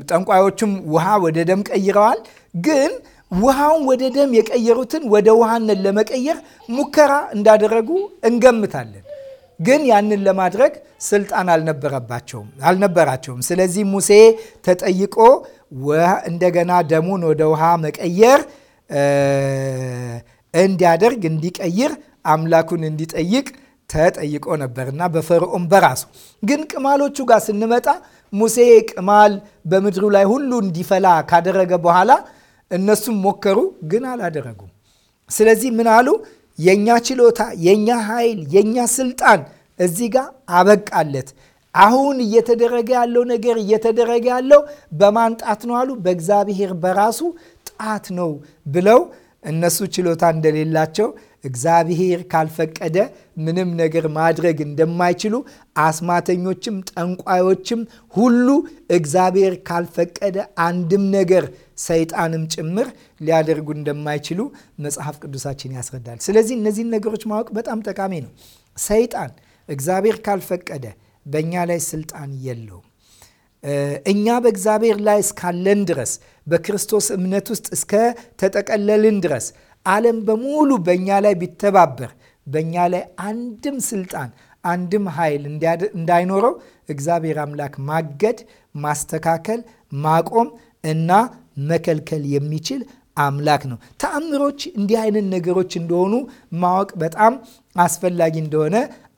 ጠንቋዮቹም ውሃ ወደ ደም ቀይረዋል ግን ውሃውን ወደ ደም የቀየሩትን ወደ ውሃነት ለመቀየር ሙከራ እንዳደረጉ እንገምታለን። ግን ያንን ለማድረግ ስልጣን አልነበረባቸውም አልነበራቸውም። ስለዚህ ሙሴ ተጠይቆ እንደገና ደሙን ወደ ውሃ መቀየር እንዲያደርግ እንዲቀይር አምላኩን እንዲጠይቅ ተጠይቆ ነበርና እና በፈርዖን በራሱ ግን ቅማሎቹ ጋር ስንመጣ ሙሴ ቅማል በምድሩ ላይ ሁሉ እንዲፈላ ካደረገ በኋላ እነሱም ሞከሩ፣ ግን አላደረጉም። ስለዚህ ምን አሉ? የእኛ ችሎታ፣ የእኛ ኃይል፣ የእኛ ስልጣን እዚህ ጋር አበቃለት። አሁን እየተደረገ ያለው ነገር እየተደረገ ያለው በማን ጣት ነው አሉ። በእግዚአብሔር በራሱ ጣት ነው ብለው እነሱ ችሎታ እንደሌላቸው እግዚአብሔር ካልፈቀደ ምንም ነገር ማድረግ እንደማይችሉ አስማተኞችም ጠንቋዮችም ሁሉ እግዚአብሔር ካልፈቀደ አንድም ነገር ሰይጣንም ጭምር ሊያደርጉ እንደማይችሉ መጽሐፍ ቅዱሳችን ያስረዳል። ስለዚህ እነዚህን ነገሮች ማወቅ በጣም ጠቃሚ ነው። ሰይጣን እግዚአብሔር ካልፈቀደ በእኛ ላይ ስልጣን የለውም። እኛ በእግዚአብሔር ላይ እስካለን ድረስ በክርስቶስ እምነት ውስጥ እስከ ተጠቀለልን ድረስ ዓለም በሙሉ በእኛ ላይ ቢተባበር በእኛ ላይ አንድም ስልጣን አንድም ኃይል እንዳይኖረው እግዚአብሔር አምላክ ማገድ፣ ማስተካከል፣ ማቆም እና መከልከል የሚችል አምላክ ነው። ተአምሮች እንዲህ አይነት ነገሮች እንደሆኑ ማወቅ በጣም አስፈላጊ እንደሆነ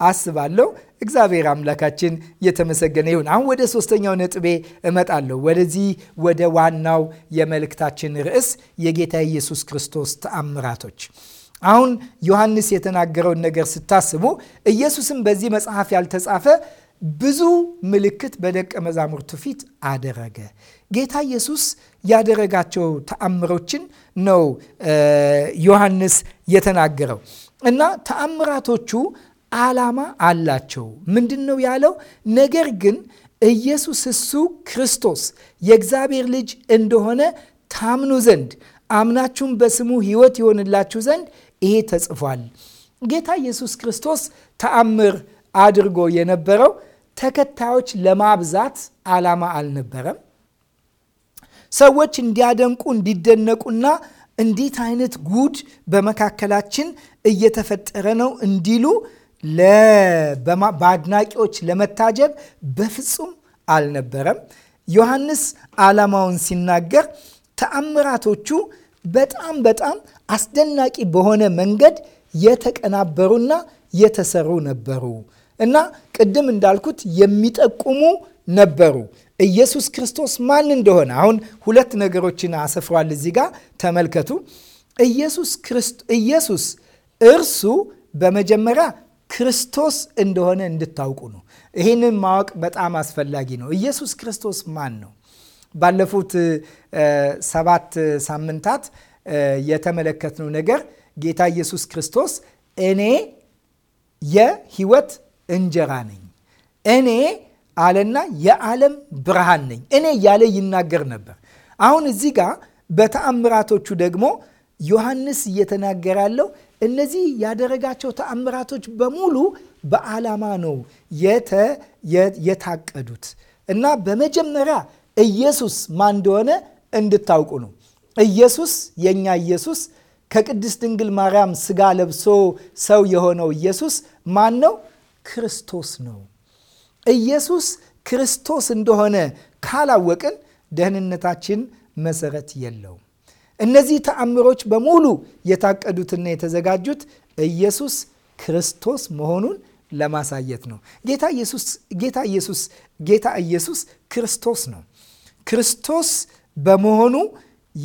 አስባለሁ። እግዚአብሔር አምላካችን የተመሰገነ ይሁን። አሁን ወደ ሶስተኛው ነጥቤ እመጣለሁ። ወደዚህ ወደ ዋናው የመልእክታችን ርዕስ የጌታ ኢየሱስ ክርስቶስ ተአምራቶች። አሁን ዮሐንስ የተናገረውን ነገር ስታስቡ ኢየሱስም በዚህ መጽሐፍ ያልተጻፈ ብዙ ምልክት በደቀ መዛሙርቱ ፊት አደረገ። ጌታ ኢየሱስ ያደረጋቸው ተአምሮችን ነው ዮሐንስ የተናገረው እና ተአምራቶቹ ዓላማ አላቸው። ምንድን ነው ያለው? ነገር ግን ኢየሱስ እሱ ክርስቶስ የእግዚአብሔር ልጅ እንደሆነ ታምኑ ዘንድ አምናችሁም በስሙ ሕይወት ይሆንላችሁ ዘንድ ይሄ ተጽፏል። ጌታ ኢየሱስ ክርስቶስ ተአምር አድርጎ የነበረው ተከታዮች ለማብዛት ዓላማ አልነበረም። ሰዎች እንዲያደንቁ እንዲደነቁና እንዴት አይነት ጉድ በመካከላችን እየተፈጠረ ነው እንዲሉ በአድናቂዎች ለመታጀብ በፍጹም አልነበረም። ዮሐንስ ዓላማውን ሲናገር ተአምራቶቹ በጣም በጣም አስደናቂ በሆነ መንገድ የተቀናበሩና የተሰሩ ነበሩ እና ቅድም እንዳልኩት የሚጠቁሙ ነበሩ ኢየሱስ ክርስቶስ ማን እንደሆነ። አሁን ሁለት ነገሮችን አሰፍሯል እዚህ ጋር ተመልከቱ። ኢየሱስ እርሱ በመጀመሪያ ክርስቶስ እንደሆነ እንድታውቁ ነው። ይህንን ማወቅ በጣም አስፈላጊ ነው። ኢየሱስ ክርስቶስ ማን ነው? ባለፉት ሰባት ሳምንታት የተመለከትነው ነገር ጌታ ኢየሱስ ክርስቶስ እኔ የህይወት እንጀራ ነኝ፣ እኔ አለና የዓለም ብርሃን ነኝ፣ እኔ እያለ ይናገር ነበር። አሁን እዚህ ጋር በተአምራቶቹ ደግሞ ዮሐንስ እየተናገረ ያለው እነዚህ ያደረጋቸው ተአምራቶች በሙሉ በዓላማ ነው የታቀዱት እና በመጀመሪያ ኢየሱስ ማን እንደሆነ እንድታውቁ ነው። ኢየሱስ የእኛ ኢየሱስ ከቅድስት ድንግል ማርያም ስጋ ለብሶ ሰው የሆነው ኢየሱስ ማን ነው? ክርስቶስ ነው። ኢየሱስ ክርስቶስ እንደሆነ ካላወቅን ደህንነታችን መሰረት የለውም። እነዚህ ተአምሮች በሙሉ የታቀዱትና የተዘጋጁት ኢየሱስ ክርስቶስ መሆኑን ለማሳየት ነው። ጌታ ኢየሱስ ጌታ ኢየሱስ ጌታ ኢየሱስ ክርስቶስ ነው። ክርስቶስ በመሆኑ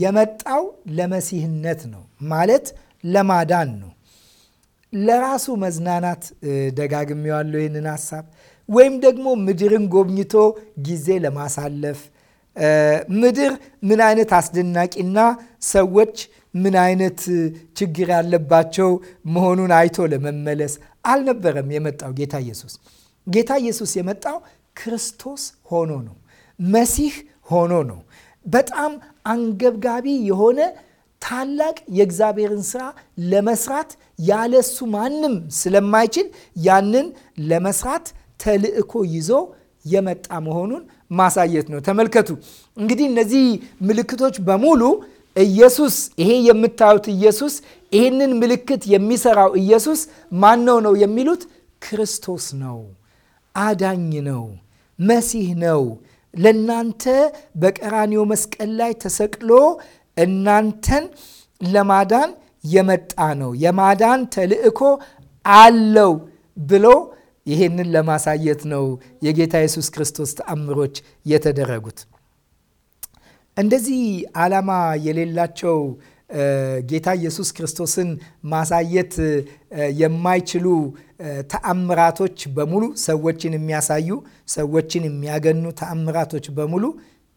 የመጣው ለመሲህነት ነው፣ ማለት ለማዳን ነው። ለራሱ መዝናናት ደጋግሜዋለሁ ይህንን ሀሳብ ወይም ደግሞ ምድርን ጎብኝቶ ጊዜ ለማሳለፍ ምድር ምን አይነት አስደናቂና ሰዎች ምን አይነት ችግር ያለባቸው መሆኑን አይቶ ለመመለስ አልነበረም የመጣው ጌታ ኢየሱስ። ጌታ ኢየሱስ የመጣው ክርስቶስ ሆኖ ነው። መሲህ ሆኖ ነው። በጣም አንገብጋቢ የሆነ ታላቅ የእግዚአብሔርን ስራ ለመስራት ያለሱ ማንም ስለማይችል ያንን ለመስራት ተልእኮ ይዞ የመጣ መሆኑን ማሳየት ነው። ተመልከቱ እንግዲህ እነዚህ ምልክቶች በሙሉ ኢየሱስ ይሄ የምታዩት ኢየሱስ ይህንን ምልክት የሚሰራው ኢየሱስ ማን ነው ነው የሚሉት ክርስቶስ ነው፣ አዳኝ ነው፣ መሲህ ነው። ለእናንተ በቀራኒዮ መስቀል ላይ ተሰቅሎ እናንተን ለማዳን የመጣ ነው። የማዳን ተልእኮ አለው ብለው ይሄንን ለማሳየት ነው የጌታ ኢየሱስ ክርስቶስ ተአምሮች የተደረጉት። እንደዚህ ዓላማ የሌላቸው ጌታ ኢየሱስ ክርስቶስን ማሳየት የማይችሉ ተአምራቶች በሙሉ ሰዎችን የሚያሳዩ ሰዎችን የሚያገኑ ተአምራቶች በሙሉ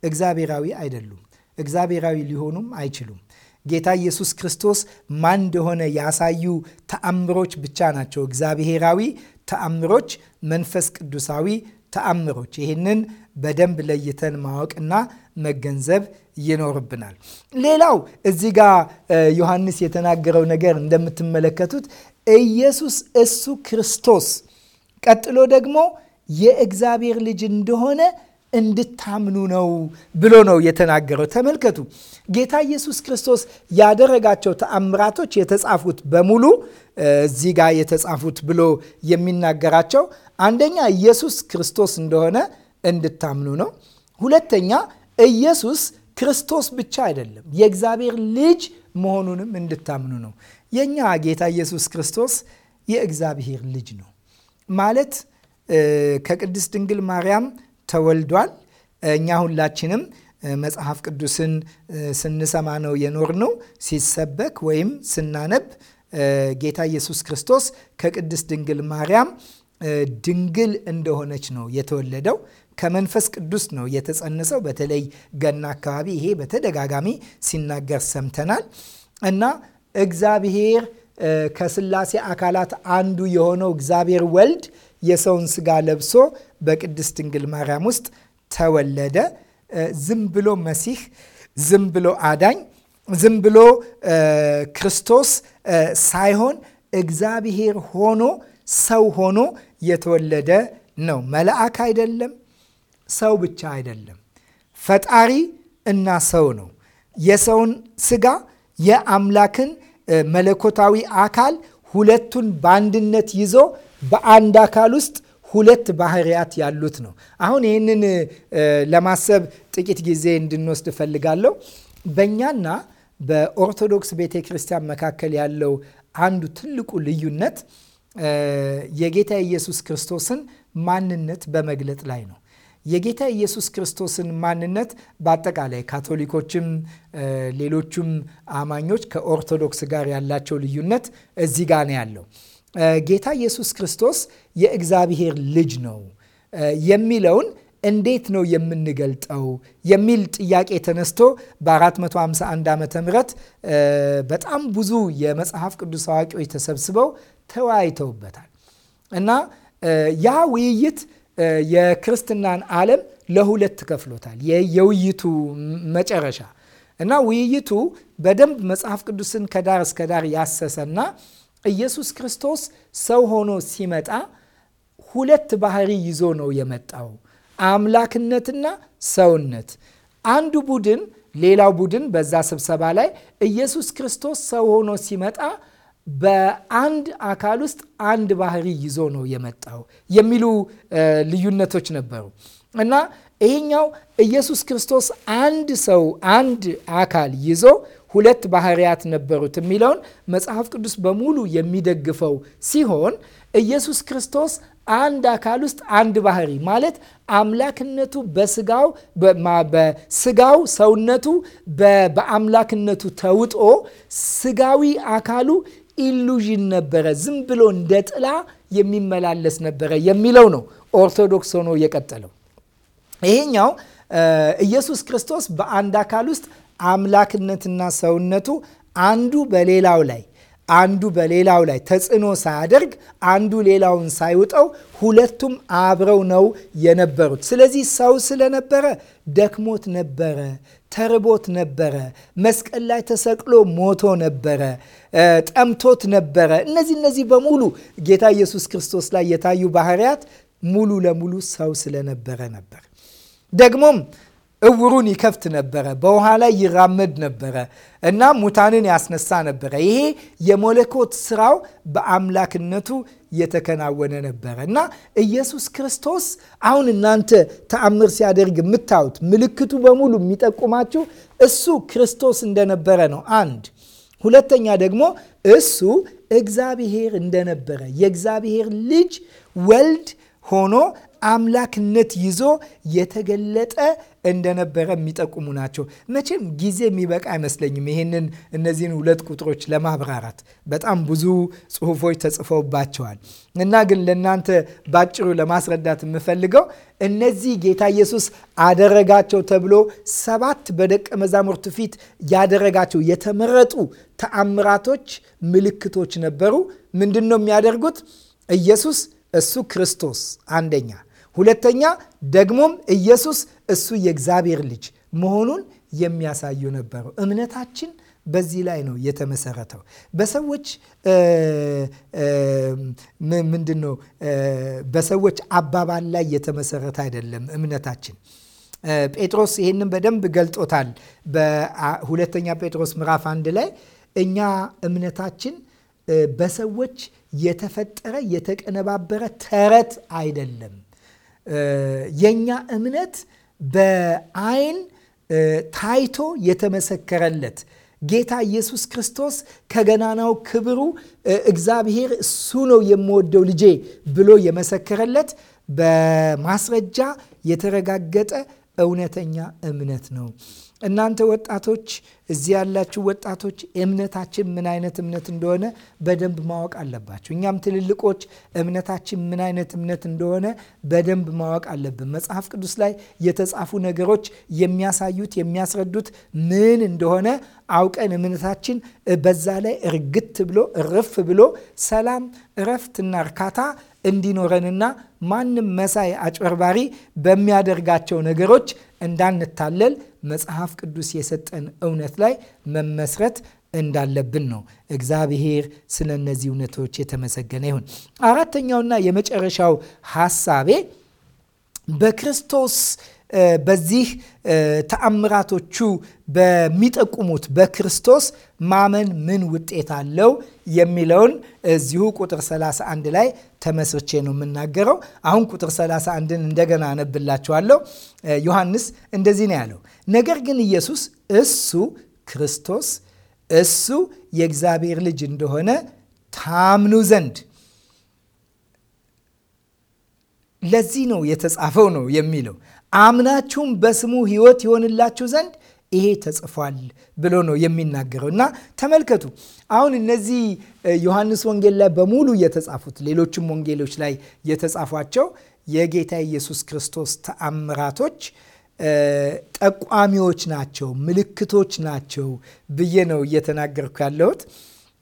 እግዚአብሔራዊ አይደሉም። እግዚአብሔራዊ ሊሆኑም አይችሉም። ጌታ ኢየሱስ ክርስቶስ ማን እንደሆነ ያሳዩ ተአምሮች ብቻ ናቸው እግዚአብሔራዊ ተአምሮች መንፈስ ቅዱሳዊ ተአምሮች። ይህንን በደንብ ለይተን ማወቅና መገንዘብ ይኖርብናል። ሌላው እዚህ ጋር ዮሐንስ የተናገረው ነገር እንደምትመለከቱት ኢየሱስ እሱ ክርስቶስ፣ ቀጥሎ ደግሞ የእግዚአብሔር ልጅ እንደሆነ እንድታምኑ ነው ብሎ ነው የተናገረው። ተመልከቱ ጌታ ኢየሱስ ክርስቶስ ያደረጋቸው ተአምራቶች የተጻፉት በሙሉ እዚህ ጋር የተጻፉት ብሎ የሚናገራቸው አንደኛ ኢየሱስ ክርስቶስ እንደሆነ እንድታምኑ ነው። ሁለተኛ ኢየሱስ ክርስቶስ ብቻ አይደለም የእግዚአብሔር ልጅ መሆኑንም እንድታምኑ ነው። የእኛ ጌታ ኢየሱስ ክርስቶስ የእግዚአብሔር ልጅ ነው ማለት ከቅድስት ድንግል ማርያም ተወልዷል። እኛ ሁላችንም መጽሐፍ ቅዱስን ስንሰማ ነው የኖር ነው ሲሰበክ ወይም ስናነብ ጌታ ኢየሱስ ክርስቶስ ከቅድስት ድንግል ማርያም ድንግል እንደሆነች ነው የተወለደው። ከመንፈስ ቅዱስ ነው የተጸነሰው። በተለይ ገና አካባቢ ይሄ በተደጋጋሚ ሲናገር ሰምተናል እና እግዚአብሔር ከስላሴ አካላት አንዱ የሆነው እግዚአብሔር ወልድ የሰውን ስጋ ለብሶ በቅድስት ድንግል ማርያም ውስጥ ተወለደ። ዝም ብሎ መሲህ፣ ዝም ብሎ አዳኝ፣ ዝም ብሎ ክርስቶስ ሳይሆን እግዚአብሔር ሆኖ ሰው ሆኖ የተወለደ ነው። መልአክ አይደለም፣ ሰው ብቻ አይደለም፣ ፈጣሪ እና ሰው ነው። የሰውን ስጋ የአምላክን መለኮታዊ አካል ሁለቱን በአንድነት ይዞ በአንድ አካል ውስጥ ሁለት ባህሪያት ያሉት ነው። አሁን ይህንን ለማሰብ ጥቂት ጊዜ እንድንወስድ እፈልጋለሁ። በእኛና በኦርቶዶክስ ቤተ ክርስቲያን መካከል ያለው አንዱ ትልቁ ልዩነት የጌታ ኢየሱስ ክርስቶስን ማንነት በመግለጥ ላይ ነው። የጌታ ኢየሱስ ክርስቶስን ማንነት በአጠቃላይ ካቶሊኮችም ሌሎቹም አማኞች ከኦርቶዶክስ ጋር ያላቸው ልዩነት እዚህ ጋር ነው ያለው። ጌታ ኢየሱስ ክርስቶስ የእግዚአብሔር ልጅ ነው የሚለውን እንዴት ነው የምንገልጠው የሚል ጥያቄ ተነስቶ በ451 ዓመተ ምህረት በጣም ብዙ የመጽሐፍ ቅዱስ አዋቂዎች ተሰብስበው ተወያይተውበታል እና ያ ውይይት የክርስትናን ዓለም ለሁለት ከፍሎታል። የውይይቱ መጨረሻ እና ውይይቱ በደንብ መጽሐፍ ቅዱስን ከዳር እስከ ዳር ያሰሰና ኢየሱስ ክርስቶስ ሰው ሆኖ ሲመጣ ሁለት ባህሪ ይዞ ነው የመጣው፣ አምላክነትና ሰውነት። አንዱ ቡድን ሌላው ቡድን በዛ ስብሰባ ላይ ኢየሱስ ክርስቶስ ሰው ሆኖ ሲመጣ በአንድ አካል ውስጥ አንድ ባህሪ ይዞ ነው የመጣው የሚሉ ልዩነቶች ነበሩ እና ይሄኛው ኢየሱስ ክርስቶስ አንድ ሰው አንድ አካል ይዞ ሁለት ባህርያት ነበሩት የሚለውን መጽሐፍ ቅዱስ በሙሉ የሚደግፈው ሲሆን ኢየሱስ ክርስቶስ አንድ አካል ውስጥ አንድ ባህሪ ማለት አምላክነቱ በስጋው በስጋው ሰውነቱ በአምላክነቱ ተውጦ ስጋዊ አካሉ ኢሉዥን ነበረ፣ ዝም ብሎ እንደ ጥላ የሚመላለስ ነበረ የሚለው ነው። ኦርቶዶክስ ሆኖ የቀጠለው ይሄኛው ኢየሱስ ክርስቶስ በአንድ አካል ውስጥ አምላክነትና ሰውነቱ አንዱ በሌላው ላይ አንዱ በሌላው ላይ ተጽዕኖ ሳያደርግ አንዱ ሌላውን ሳይውጠው ሁለቱም አብረው ነው የነበሩት። ስለዚህ ሰው ስለነበረ ደክሞት ነበረ፣ ተርቦት ነበረ፣ መስቀል ላይ ተሰቅሎ ሞቶ ነበረ፣ ጠምቶት ነበረ። እነዚህ እነዚህ በሙሉ ጌታ ኢየሱስ ክርስቶስ ላይ የታዩ ባህርያት ሙሉ ለሙሉ ሰው ስለነበረ ነበር ደግሞም እውሩን ይከፍት ነበረ፣ በውሃ ላይ ይራመድ ነበረ እና ሙታንን ያስነሳ ነበረ። ይሄ የመለኮት ስራው በአምላክነቱ የተከናወነ ነበረ እና ኢየሱስ ክርስቶስ አሁን እናንተ ተአምር ሲያደርግ የምታዩት ምልክቱ በሙሉ የሚጠቁማችሁ እሱ ክርስቶስ እንደነበረ ነው። አንድ ሁለተኛ ደግሞ እሱ እግዚአብሔር እንደነበረ የእግዚአብሔር ልጅ ወልድ ሆኖ አምላክነት ይዞ የተገለጠ እንደነበረ የሚጠቁሙ ናቸው። መቼም ጊዜ የሚበቃ አይመስለኝም ይህንን እነዚህን ሁለት ቁጥሮች ለማብራራት በጣም ብዙ ጽሁፎች ተጽፈውባቸዋል እና ግን ለእናንተ ባጭሩ ለማስረዳት የምፈልገው እነዚህ ጌታ ኢየሱስ አደረጋቸው ተብሎ ሰባት በደቀ መዛሙርቱ ፊት ያደረጋቸው የተመረጡ ተአምራቶች ምልክቶች ነበሩ። ምንድን ነው የሚያደርጉት? ኢየሱስ እሱ ክርስቶስ አንደኛ ሁለተኛ ደግሞም ኢየሱስ እሱ የእግዚአብሔር ልጅ መሆኑን የሚያሳዩ ነበሩ። እምነታችን በዚህ ላይ ነው የተመሰረተው። በሰዎች ምንድን ነው በሰዎች አባባል ላይ የተመሰረተ አይደለም እምነታችን። ጴጥሮስ ይህንን በደንብ ገልጦታል። በሁለተኛ ጴጥሮስ ምዕራፍ አንድ ላይ እኛ እምነታችን በሰዎች የተፈጠረ የተቀነባበረ ተረት አይደለም የእኛ እምነት በአይን ታይቶ የተመሰከረለት ጌታ ኢየሱስ ክርስቶስ ከገናናው ክብሩ እግዚአብሔር እሱ ነው የምወደው ልጄ ብሎ የመሰከረለት በማስረጃ የተረጋገጠ እውነተኛ እምነት ነው። እናንተ ወጣቶች፣ እዚህ ያላችሁ ወጣቶች እምነታችን ምን አይነት እምነት እንደሆነ በደንብ ማወቅ አለባችሁ። እኛም ትልልቆች እምነታችን ምን አይነት እምነት እንደሆነ በደንብ ማወቅ አለብን። መጽሐፍ ቅዱስ ላይ የተጻፉ ነገሮች የሚያሳዩት የሚያስረዱት ምን እንደሆነ አውቀን እምነታችን በዛ ላይ እርግት ብሎ እርፍ ብሎ ሰላም፣ እረፍትና እርካታ እንዲኖረንና ማንም መሳይ አጭበርባሪ በሚያደርጋቸው ነገሮች እንዳንታለል መጽሐፍ ቅዱስ የሰጠን እውነት ላይ መመስረት እንዳለብን ነው። እግዚአብሔር ስለ እነዚህ እውነቶች የተመሰገነ ይሁን። አራተኛውና የመጨረሻው ሀሳቤ በክርስቶስ በዚህ ተአምራቶቹ በሚጠቁሙት በክርስቶስ ማመን ምን ውጤት አለው የሚለውን እዚሁ ቁጥር 31 ላይ ተመስርቼ ነው የምናገረው። አሁን ቁጥር 31ን እንደገና አነብላችኋለሁ። ዮሐንስ እንደዚህ ነው ያለው፣ ነገር ግን ኢየሱስ እሱ ክርስቶስ እሱ የእግዚአብሔር ልጅ እንደሆነ ታምኑ ዘንድ ለዚህ ነው የተጻፈው ነው የሚለው አምናችሁም በስሙ ሕይወት ይሆንላችሁ ዘንድ ይሄ ተጽፏል ብሎ ነው የሚናገረው። እና ተመልከቱ አሁን እነዚህ ዮሐንስ ወንጌል ላይ በሙሉ የተጻፉት ሌሎችም ወንጌሎች ላይ የተጻፏቸው የጌታ ኢየሱስ ክርስቶስ ተአምራቶች ጠቋሚዎች ናቸው፣ ምልክቶች ናቸው ብዬ ነው እየተናገርኩ ያለሁት።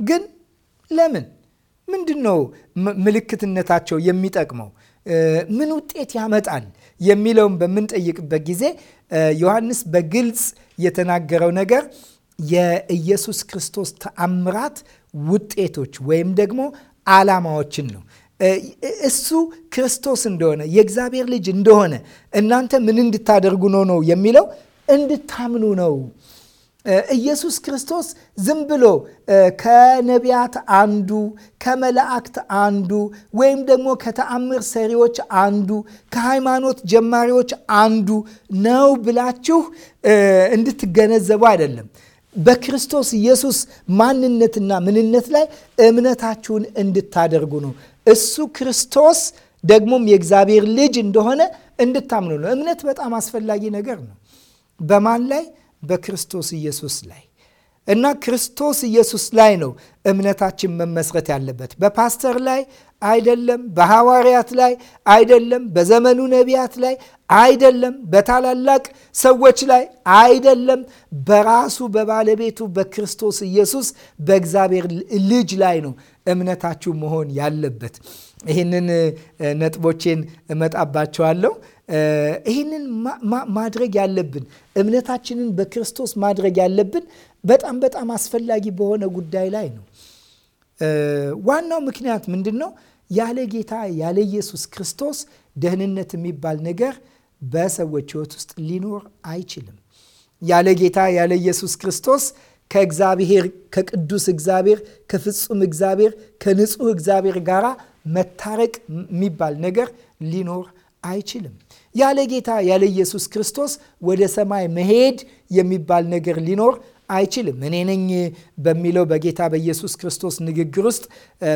ግን ለምን ምንድን ነው ምልክትነታቸው የሚጠቅመው? ምን ውጤት ያመጣል? የሚለውን በምንጠይቅበት ጊዜ ዮሐንስ በግልጽ የተናገረው ነገር የኢየሱስ ክርስቶስ ተአምራት ውጤቶች ወይም ደግሞ ዓላማዎችን ነው። እሱ ክርስቶስ እንደሆነ የእግዚአብሔር ልጅ እንደሆነ እናንተ ምን እንድታደርጉ ነው ነው የሚለው እንድታምኑ ነው ኢየሱስ ክርስቶስ ዝም ብሎ ከነቢያት አንዱ ከመላእክት አንዱ ወይም ደግሞ ከተአምር ሰሪዎች አንዱ ከሃይማኖት ጀማሪዎች አንዱ ነው ብላችሁ እንድትገነዘቡ አይደለም። በክርስቶስ ኢየሱስ ማንነትና ምንነት ላይ እምነታችሁን እንድታደርጉ ነው። እሱ ክርስቶስ ደግሞም የእግዚአብሔር ልጅ እንደሆነ እንድታምኑ ነው። እምነት በጣም አስፈላጊ ነገር ነው። በማን ላይ በክርስቶስ ኢየሱስ ላይ እና ክርስቶስ ኢየሱስ ላይ ነው እምነታችን መመስረት ያለበት። በፓስተር ላይ አይደለም፣ በሐዋርያት ላይ አይደለም፣ በዘመኑ ነቢያት ላይ አይደለም፣ በታላላቅ ሰዎች ላይ አይደለም፣ በራሱ በባለቤቱ በክርስቶስ ኢየሱስ በእግዚአብሔር ልጅ ላይ ነው እምነታችሁ መሆን ያለበት። ይህንን ነጥቦቼን እመጣባቸዋለሁ። ይህንን ማድረግ ያለብን እምነታችንን በክርስቶስ ማድረግ ያለብን በጣም በጣም አስፈላጊ በሆነ ጉዳይ ላይ ነው። ዋናው ምክንያት ምንድን ነው? ያለ ጌታ ያለ ኢየሱስ ክርስቶስ ደህንነት የሚባል ነገር በሰዎች ሕይወት ውስጥ ሊኖር አይችልም። ያለ ጌታ ያለ ኢየሱስ ክርስቶስ ከእግዚአብሔር ከቅዱስ እግዚአብሔር ከፍጹም እግዚአብሔር ከንጹህ እግዚአብሔር ጋራ መታረቅ የሚባል ነገር ሊኖር አይችልም። ያለ ጌታ ያለ ኢየሱስ ክርስቶስ ወደ ሰማይ መሄድ የሚባል ነገር ሊኖር አይችልም። እኔ ነኝ በሚለው በጌታ በኢየሱስ ክርስቶስ ንግግር ውስጥ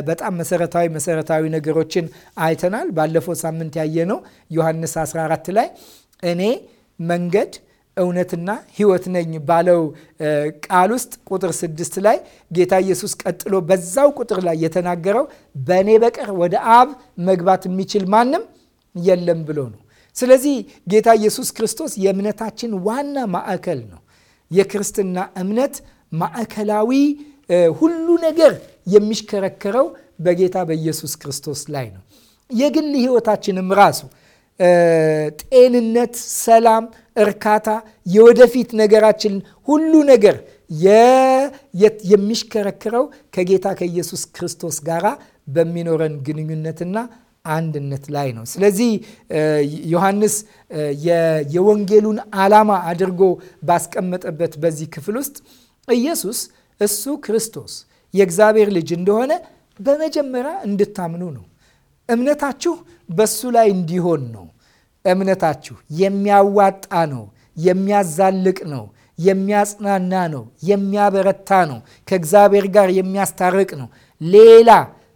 በጣም መሰረታዊ መሰረታዊ ነገሮችን አይተናል። ባለፈው ሳምንት ያየነው ዮሐንስ 14 ላይ እኔ መንገድ እውነትና ሕይወት ነኝ ባለው ቃል ውስጥ ቁጥር ስድስት ላይ ጌታ ኢየሱስ ቀጥሎ በዛው ቁጥር ላይ የተናገረው በእኔ በቀር ወደ አብ መግባት የሚችል ማንም የለም ብሎ ነው። ስለዚህ ጌታ ኢየሱስ ክርስቶስ የእምነታችን ዋና ማዕከል ነው። የክርስትና እምነት ማዕከላዊ ሁሉ ነገር የሚሽከረከረው በጌታ በኢየሱስ ክርስቶስ ላይ ነው። የግል ሕይወታችንም ራሱ ጤንነት፣ ሰላም፣ እርካታ፣ የወደፊት ነገራችን ሁሉ ነገር የሚሽከረከረው ከጌታ ከኢየሱስ ክርስቶስ ጋር በሚኖረን ግንኙነትና አንድነት ላይ ነው። ስለዚህ ዮሐንስ የወንጌሉን ዓላማ አድርጎ ባስቀመጠበት በዚህ ክፍል ውስጥ ኢየሱስ እሱ ክርስቶስ የእግዚአብሔር ልጅ እንደሆነ በመጀመሪያ እንድታምኑ ነው። እምነታችሁ በሱ ላይ እንዲሆን ነው። እምነታችሁ የሚያዋጣ ነው፣ የሚያዛልቅ ነው፣ የሚያጽናና ነው፣ የሚያበረታ ነው፣ ከእግዚአብሔር ጋር የሚያስታርቅ ነው። ሌላ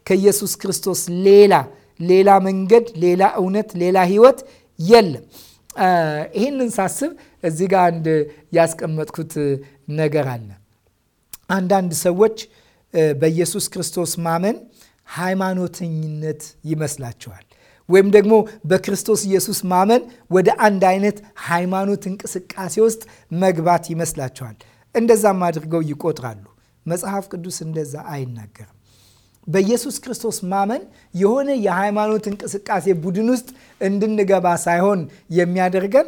ከኢየሱስ ክርስቶስ ሌላ ሌላ መንገድ፣ ሌላ እውነት፣ ሌላ ህይወት የለም። ይህንን ሳስብ እዚህ ጋር አንድ ያስቀመጥኩት ነገር አለ። አንዳንድ ሰዎች በኢየሱስ ክርስቶስ ማመን ሃይማኖተኝነት ይመስላቸዋል። ወይም ደግሞ በክርስቶስ ኢየሱስ ማመን ወደ አንድ አይነት ሃይማኖት እንቅስቃሴ ውስጥ መግባት ይመስላቸዋል። እንደዛም አድርገው ይቆጥራሉ። መጽሐፍ ቅዱስ እንደዛ አይናገርም። በኢየሱስ ክርስቶስ ማመን የሆነ የሃይማኖት እንቅስቃሴ ቡድን ውስጥ እንድንገባ ሳይሆን የሚያደርገን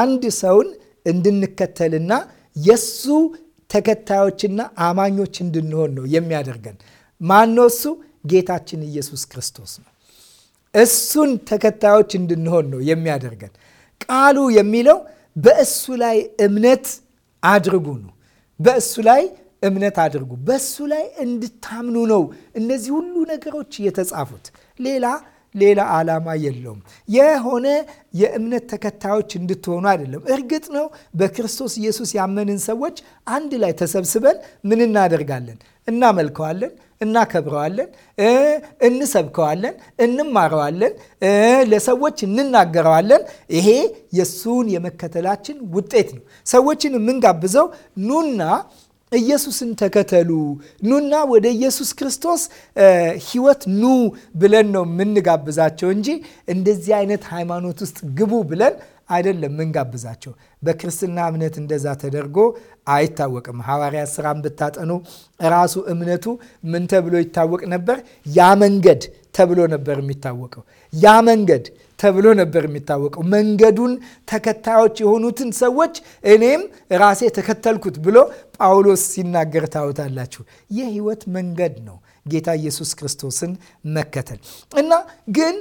አንድ ሰውን እንድንከተልና የሱ ተከታዮችና አማኞች እንድንሆን ነው የሚያደርገን። ማነው እሱ? ጌታችን ኢየሱስ ክርስቶስ ነው። እሱን ተከታዮች እንድንሆን ነው የሚያደርገን። ቃሉ የሚለው በእሱ ላይ እምነት አድርጉ ነው። በእሱ ላይ እምነት አድርጉ፣ በሱ ላይ እንድታምኑ ነው እነዚህ ሁሉ ነገሮች የተጻፉት። ሌላ ሌላ ዓላማ የለውም። የሆነ የእምነት ተከታዮች እንድትሆኑ አይደለም። እርግጥ ነው በክርስቶስ ኢየሱስ ያመንን ሰዎች አንድ ላይ ተሰብስበን ምን እናደርጋለን? እናመልከዋለን፣ እናከብረዋለን፣ እንሰብከዋለን፣ እንማረዋለን፣ ለሰዎች እንናገረዋለን። ይሄ የሱን የመከተላችን ውጤት ነው። ሰዎችን የምንጋብዘው ኑና ኢየሱስን ተከተሉ፣ ኑና ወደ ኢየሱስ ክርስቶስ ሕይወት ኑ ብለን ነው የምንጋብዛቸው እንጂ እንደዚህ አይነት ሃይማኖት ውስጥ ግቡ ብለን አይደለም ምንጋብዛቸው። በክርስትና እምነት እንደዛ ተደርጎ አይታወቅም። ሐዋርያ ስራን ብታጠኑ ራሱ እምነቱ ምን ተብሎ ይታወቅ ነበር? ያ መንገድ ተብሎ ነበር የሚታወቀው ያ መንገድ ተብሎ ነበር የሚታወቀው። መንገዱን ተከታዮች የሆኑትን ሰዎች እኔም ራሴ ተከተልኩት ብሎ ጳውሎስ ሲናገር ታወታላችሁ። የህይወት መንገድ ነው ጌታ ኢየሱስ ክርስቶስን መከተል እና ግን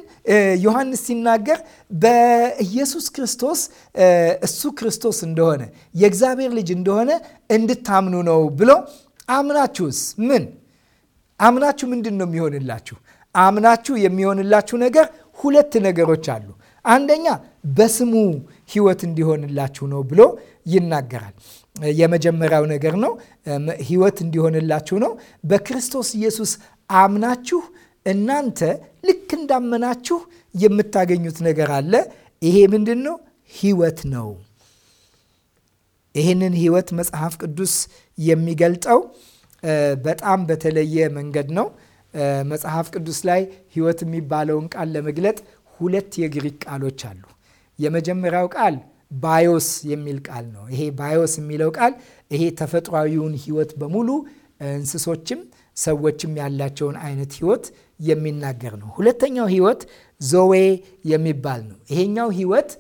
ዮሐንስ ሲናገር በኢየሱስ ክርስቶስ እሱ ክርስቶስ እንደሆነ የእግዚአብሔር ልጅ እንደሆነ እንድታምኑ ነው ብሎ አምናችሁስ ምን አምናችሁ ምንድን ነው የሚሆንላችሁ? አምናችሁ የሚሆንላችሁ ነገር ሁለት ነገሮች አሉ። አንደኛ በስሙ ህይወት እንዲሆንላችሁ ነው ብሎ ይናገራል። የመጀመሪያው ነገር ነው ህይወት እንዲሆንላችሁ ነው። በክርስቶስ ኢየሱስ አምናችሁ እናንተ ልክ እንዳመናችሁ የምታገኙት ነገር አለ። ይሄ ምንድን ነው? ህይወት ነው። ይህንን ህይወት መጽሐፍ ቅዱስ የሚገልጠው በጣም በተለየ መንገድ ነው። መጽሐፍ ቅዱስ ላይ ህይወት የሚባለውን ቃል ለመግለጥ ሁለት የግሪክ ቃሎች አሉ። የመጀመሪያው ቃል ባዮስ የሚል ቃል ነው። ይሄ ባዮስ የሚለው ቃል ይሄ ተፈጥሯዊውን ህይወት በሙሉ እንስሶችም ሰዎችም ያላቸውን አይነት ህይወት የሚናገር ነው። ሁለተኛው ህይወት ዞዌ የሚባል ነው። ይሄኛው ህይወት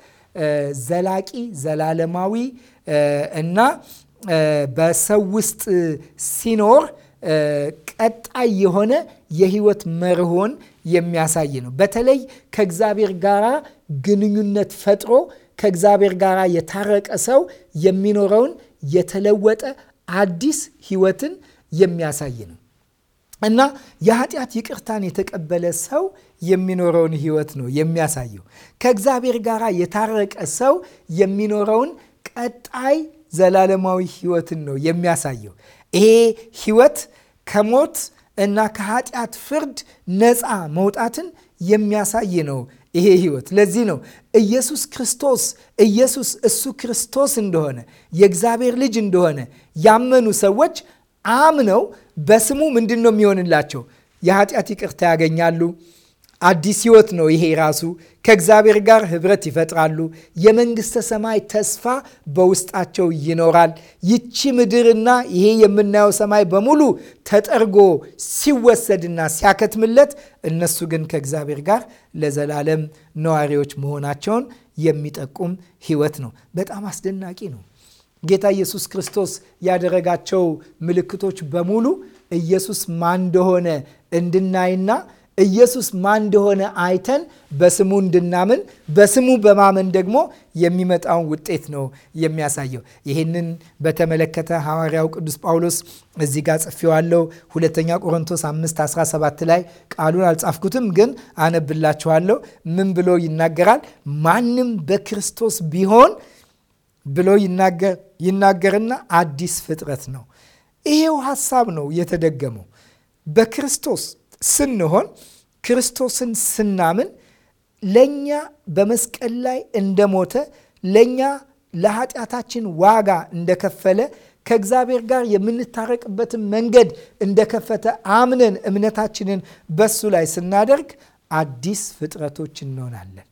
ዘላቂ ዘላለማዊ እና በሰው ውስጥ ሲኖር ቀጣይ የሆነ የህይወት መርሆን የሚያሳይ ነው። በተለይ ከእግዚአብሔር ጋር ግንኙነት ፈጥሮ ከእግዚአብሔር ጋር የታረቀ ሰው የሚኖረውን የተለወጠ አዲስ ህይወትን የሚያሳይ ነው እና የኃጢአት ይቅርታን የተቀበለ ሰው የሚኖረውን ህይወት ነው የሚያሳየው። ከእግዚአብሔር ጋር የታረቀ ሰው የሚኖረውን ቀጣይ ዘላለማዊ ህይወትን ነው የሚያሳየው። ይሄ ህይወት ከሞት እና ከኃጢአት ፍርድ ነፃ መውጣትን የሚያሳይ ነው ይሄ ህይወት። ለዚህ ነው ኢየሱስ ክርስቶስ ኢየሱስ እሱ ክርስቶስ እንደሆነ የእግዚአብሔር ልጅ እንደሆነ ያመኑ ሰዎች አምነው በስሙ ምንድን ነው የሚሆንላቸው? የኃጢአት ይቅርታ ያገኛሉ። አዲስ ህይወት ነው ይሄ ራሱ። ከእግዚአብሔር ጋር ህብረት ይፈጥራሉ። የመንግስተ ሰማይ ተስፋ በውስጣቸው ይኖራል። ይቺ ምድርና ይሄ የምናየው ሰማይ በሙሉ ተጠርጎ ሲወሰድና ሲያከትምለት፣ እነሱ ግን ከእግዚአብሔር ጋር ለዘላለም ነዋሪዎች መሆናቸውን የሚጠቁም ህይወት ነው። በጣም አስደናቂ ነው። ጌታ ኢየሱስ ክርስቶስ ያደረጋቸው ምልክቶች በሙሉ ኢየሱስ ማን እንደሆነ እንድናይና ኢየሱስ ማን እንደሆነ አይተን በስሙ እንድናምን በስሙ በማመን ደግሞ የሚመጣውን ውጤት ነው የሚያሳየው። ይህንን በተመለከተ ሐዋርያው ቅዱስ ጳውሎስ እዚህ ጋር ጽፌዋለሁ። ሁለተኛ ቆሮንቶስ 5 17 ላይ ቃሉን አልጻፍኩትም፣ ግን አነብላችኋለሁ። ምን ብሎ ይናገራል? ማንም በክርስቶስ ቢሆን ብሎ ይናገርና አዲስ ፍጥረት ነው። ይሄው ሀሳብ ነው የተደገመው በክርስቶስ ስንሆን ክርስቶስን ስናምን ለእኛ በመስቀል ላይ እንደሞተ ለእኛ ለኃጢአታችን ዋጋ እንደከፈለ ከእግዚአብሔር ጋር የምንታረቅበትን መንገድ እንደከፈተ አምነን እምነታችንን በሱ ላይ ስናደርግ አዲስ ፍጥረቶች እንሆናለን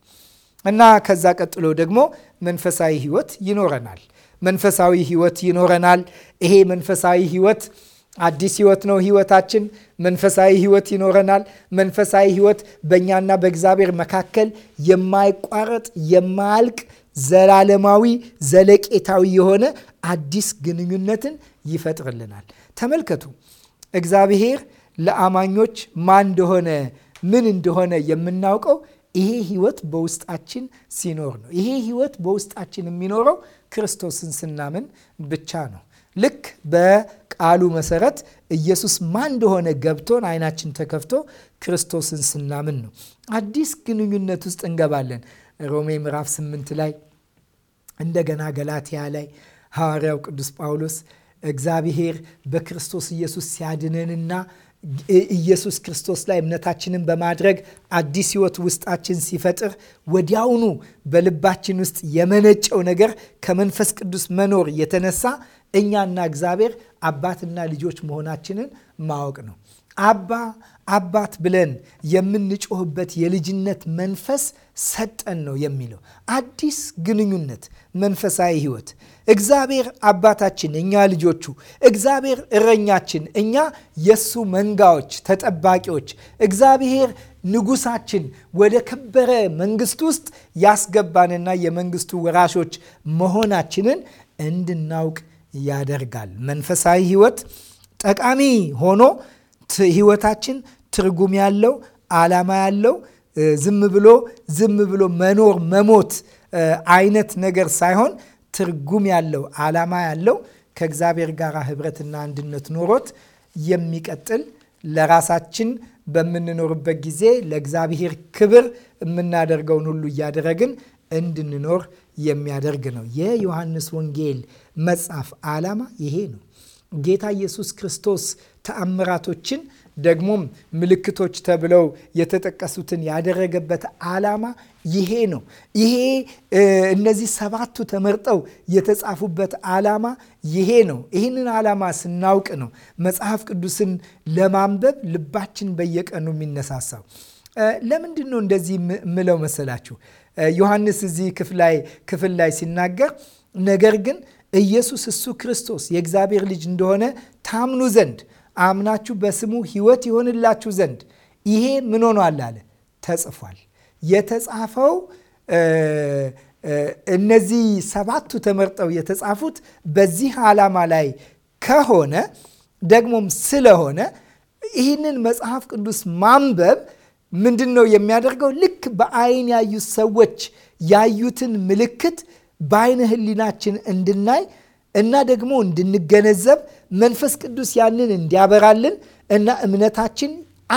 እና ከዛ ቀጥሎ ደግሞ መንፈሳዊ ህይወት ይኖረናል። መንፈሳዊ ህይወት ይኖረናል። ይሄ መንፈሳዊ ህይወት አዲስ ህይወት ነው ህይወታችን። መንፈሳዊ ህይወት ይኖረናል። መንፈሳዊ ህይወት በእኛና በእግዚአብሔር መካከል የማይቋረጥ የማያልቅ ዘላለማዊ ዘለቄታዊ የሆነ አዲስ ግንኙነትን ይፈጥርልናል። ተመልከቱ እግዚአብሔር ለአማኞች ማን እንደሆነ ምን እንደሆነ የምናውቀው ይሄ ህይወት በውስጣችን ሲኖር ነው። ይሄ ህይወት በውስጣችን የሚኖረው ክርስቶስን ስናምን ብቻ ነው። ልክ በቃሉ መሰረት ኢየሱስ ማን እንደሆነ ገብቶን አይናችን ተከፍቶ ክርስቶስን ስናምን ነው። አዲስ ግንኙነት ውስጥ እንገባለን። ሮሜ ምዕራፍ 8 ላይ እንደገና ገላትያ ላይ ሐዋርያው ቅዱስ ጳውሎስ እግዚአብሔር በክርስቶስ ኢየሱስ ሲያድነንና ኢየሱስ ክርስቶስ ላይ እምነታችንን በማድረግ አዲስ ሕይወት ውስጣችን ሲፈጥር ወዲያውኑ በልባችን ውስጥ የመነጨው ነገር ከመንፈስ ቅዱስ መኖር የተነሳ እኛና እግዚአብሔር አባትና ልጆች መሆናችንን ማወቅ ነው። አባ አባት ብለን የምንጮህበት የልጅነት መንፈስ ሰጠን ነው የሚለው አዲስ ግንኙነት፣ መንፈሳዊ ህይወት እግዚአብሔር አባታችን፣ እኛ ልጆቹ፣ እግዚአብሔር እረኛችን፣ እኛ የሱ መንጋዎች፣ ተጠባቂዎች፣ እግዚአብሔር ንጉሳችን፣ ወደ ከበረ መንግስት ውስጥ ያስገባንና የመንግስቱ ወራሾች መሆናችንን እንድናውቅ ያደርጋል። መንፈሳዊ ህይወት ጠቃሚ ሆኖ ህይወታችን ትርጉም ያለው ዓላማ ያለው ዝም ብሎ ዝም ብሎ መኖር መሞት አይነት ነገር ሳይሆን ትርጉም ያለው ዓላማ ያለው ከእግዚአብሔር ጋር ህብረትና አንድነት ኖሮት የሚቀጥል ለራሳችን በምንኖርበት ጊዜ ለእግዚአብሔር ክብር የምናደርገውን ሁሉ እያደረግን እንድንኖር የሚያደርግ ነው። የዮሐንስ ወንጌል መጽሐፍ ዓላማ ይሄ ነው። ጌታ ኢየሱስ ክርስቶስ ተአምራቶችን ደግሞም ምልክቶች ተብለው የተጠቀሱትን ያደረገበት ዓላማ ይሄ ነው። ይሄ እነዚህ ሰባቱ ተመርጠው የተጻፉበት ዓላማ ይሄ ነው። ይህንን ዓላማ ስናውቅ ነው መጽሐፍ ቅዱስን ለማንበብ ልባችን በየቀኑ የሚነሳሳው። ለምንድን ነው እንደዚህ ምለው መሰላችሁ? ዮሐንስ እዚህ ክፍል ላይ ሲናገር ነገር ግን ኢየሱስ እሱ ክርስቶስ የእግዚአብሔር ልጅ እንደሆነ ታምኑ ዘንድ አምናችሁ በስሙ ሕይወት ይሆንላችሁ ዘንድ ይሄ ምን ሆኗል አለ ተጽፏል። የተጻፈው እነዚህ ሰባቱ ተመርጠው የተጻፉት በዚህ ዓላማ ላይ ከሆነ ደግሞም ስለሆነ ይህንን መጽሐፍ ቅዱስ ማንበብ ምንድን ነው የሚያደርገው? ልክ በአይን ያዩት ሰዎች ያዩትን ምልክት በአይነ ህሊናችን እንድናይ እና ደግሞ እንድንገነዘብ መንፈስ ቅዱስ ያንን እንዲያበራልን እና እምነታችን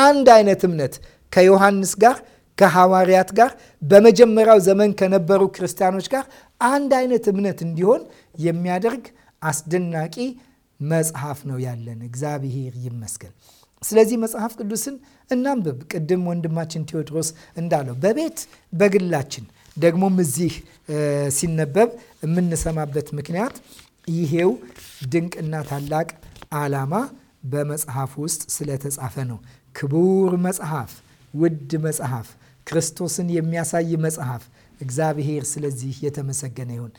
አንድ አይነት እምነት ከዮሐንስ ጋር ከሐዋርያት ጋር በመጀመሪያው ዘመን ከነበሩ ክርስቲያኖች ጋር አንድ አይነት እምነት እንዲሆን የሚያደርግ አስደናቂ መጽሐፍ ነው ያለን። እግዚአብሔር ይመስገን። ስለዚህ መጽሐፍ ቅዱስን እናንብብ። ቅድም ወንድማችን ቴዎድሮስ እንዳለው በቤት በግላችን ደግሞም እዚህ ሲነበብ የምንሰማበት ምክንያት ይሄው ድንቅና ታላቅ ዓላማ በመጽሐፍ ውስጥ ስለተጻፈ ነው። ክቡር መጽሐፍ፣ ውድ መጽሐፍ፣ ክርስቶስን የሚያሳይ መጽሐፍ። እግዚአብሔር ስለዚህ የተመሰገነ ይሁን።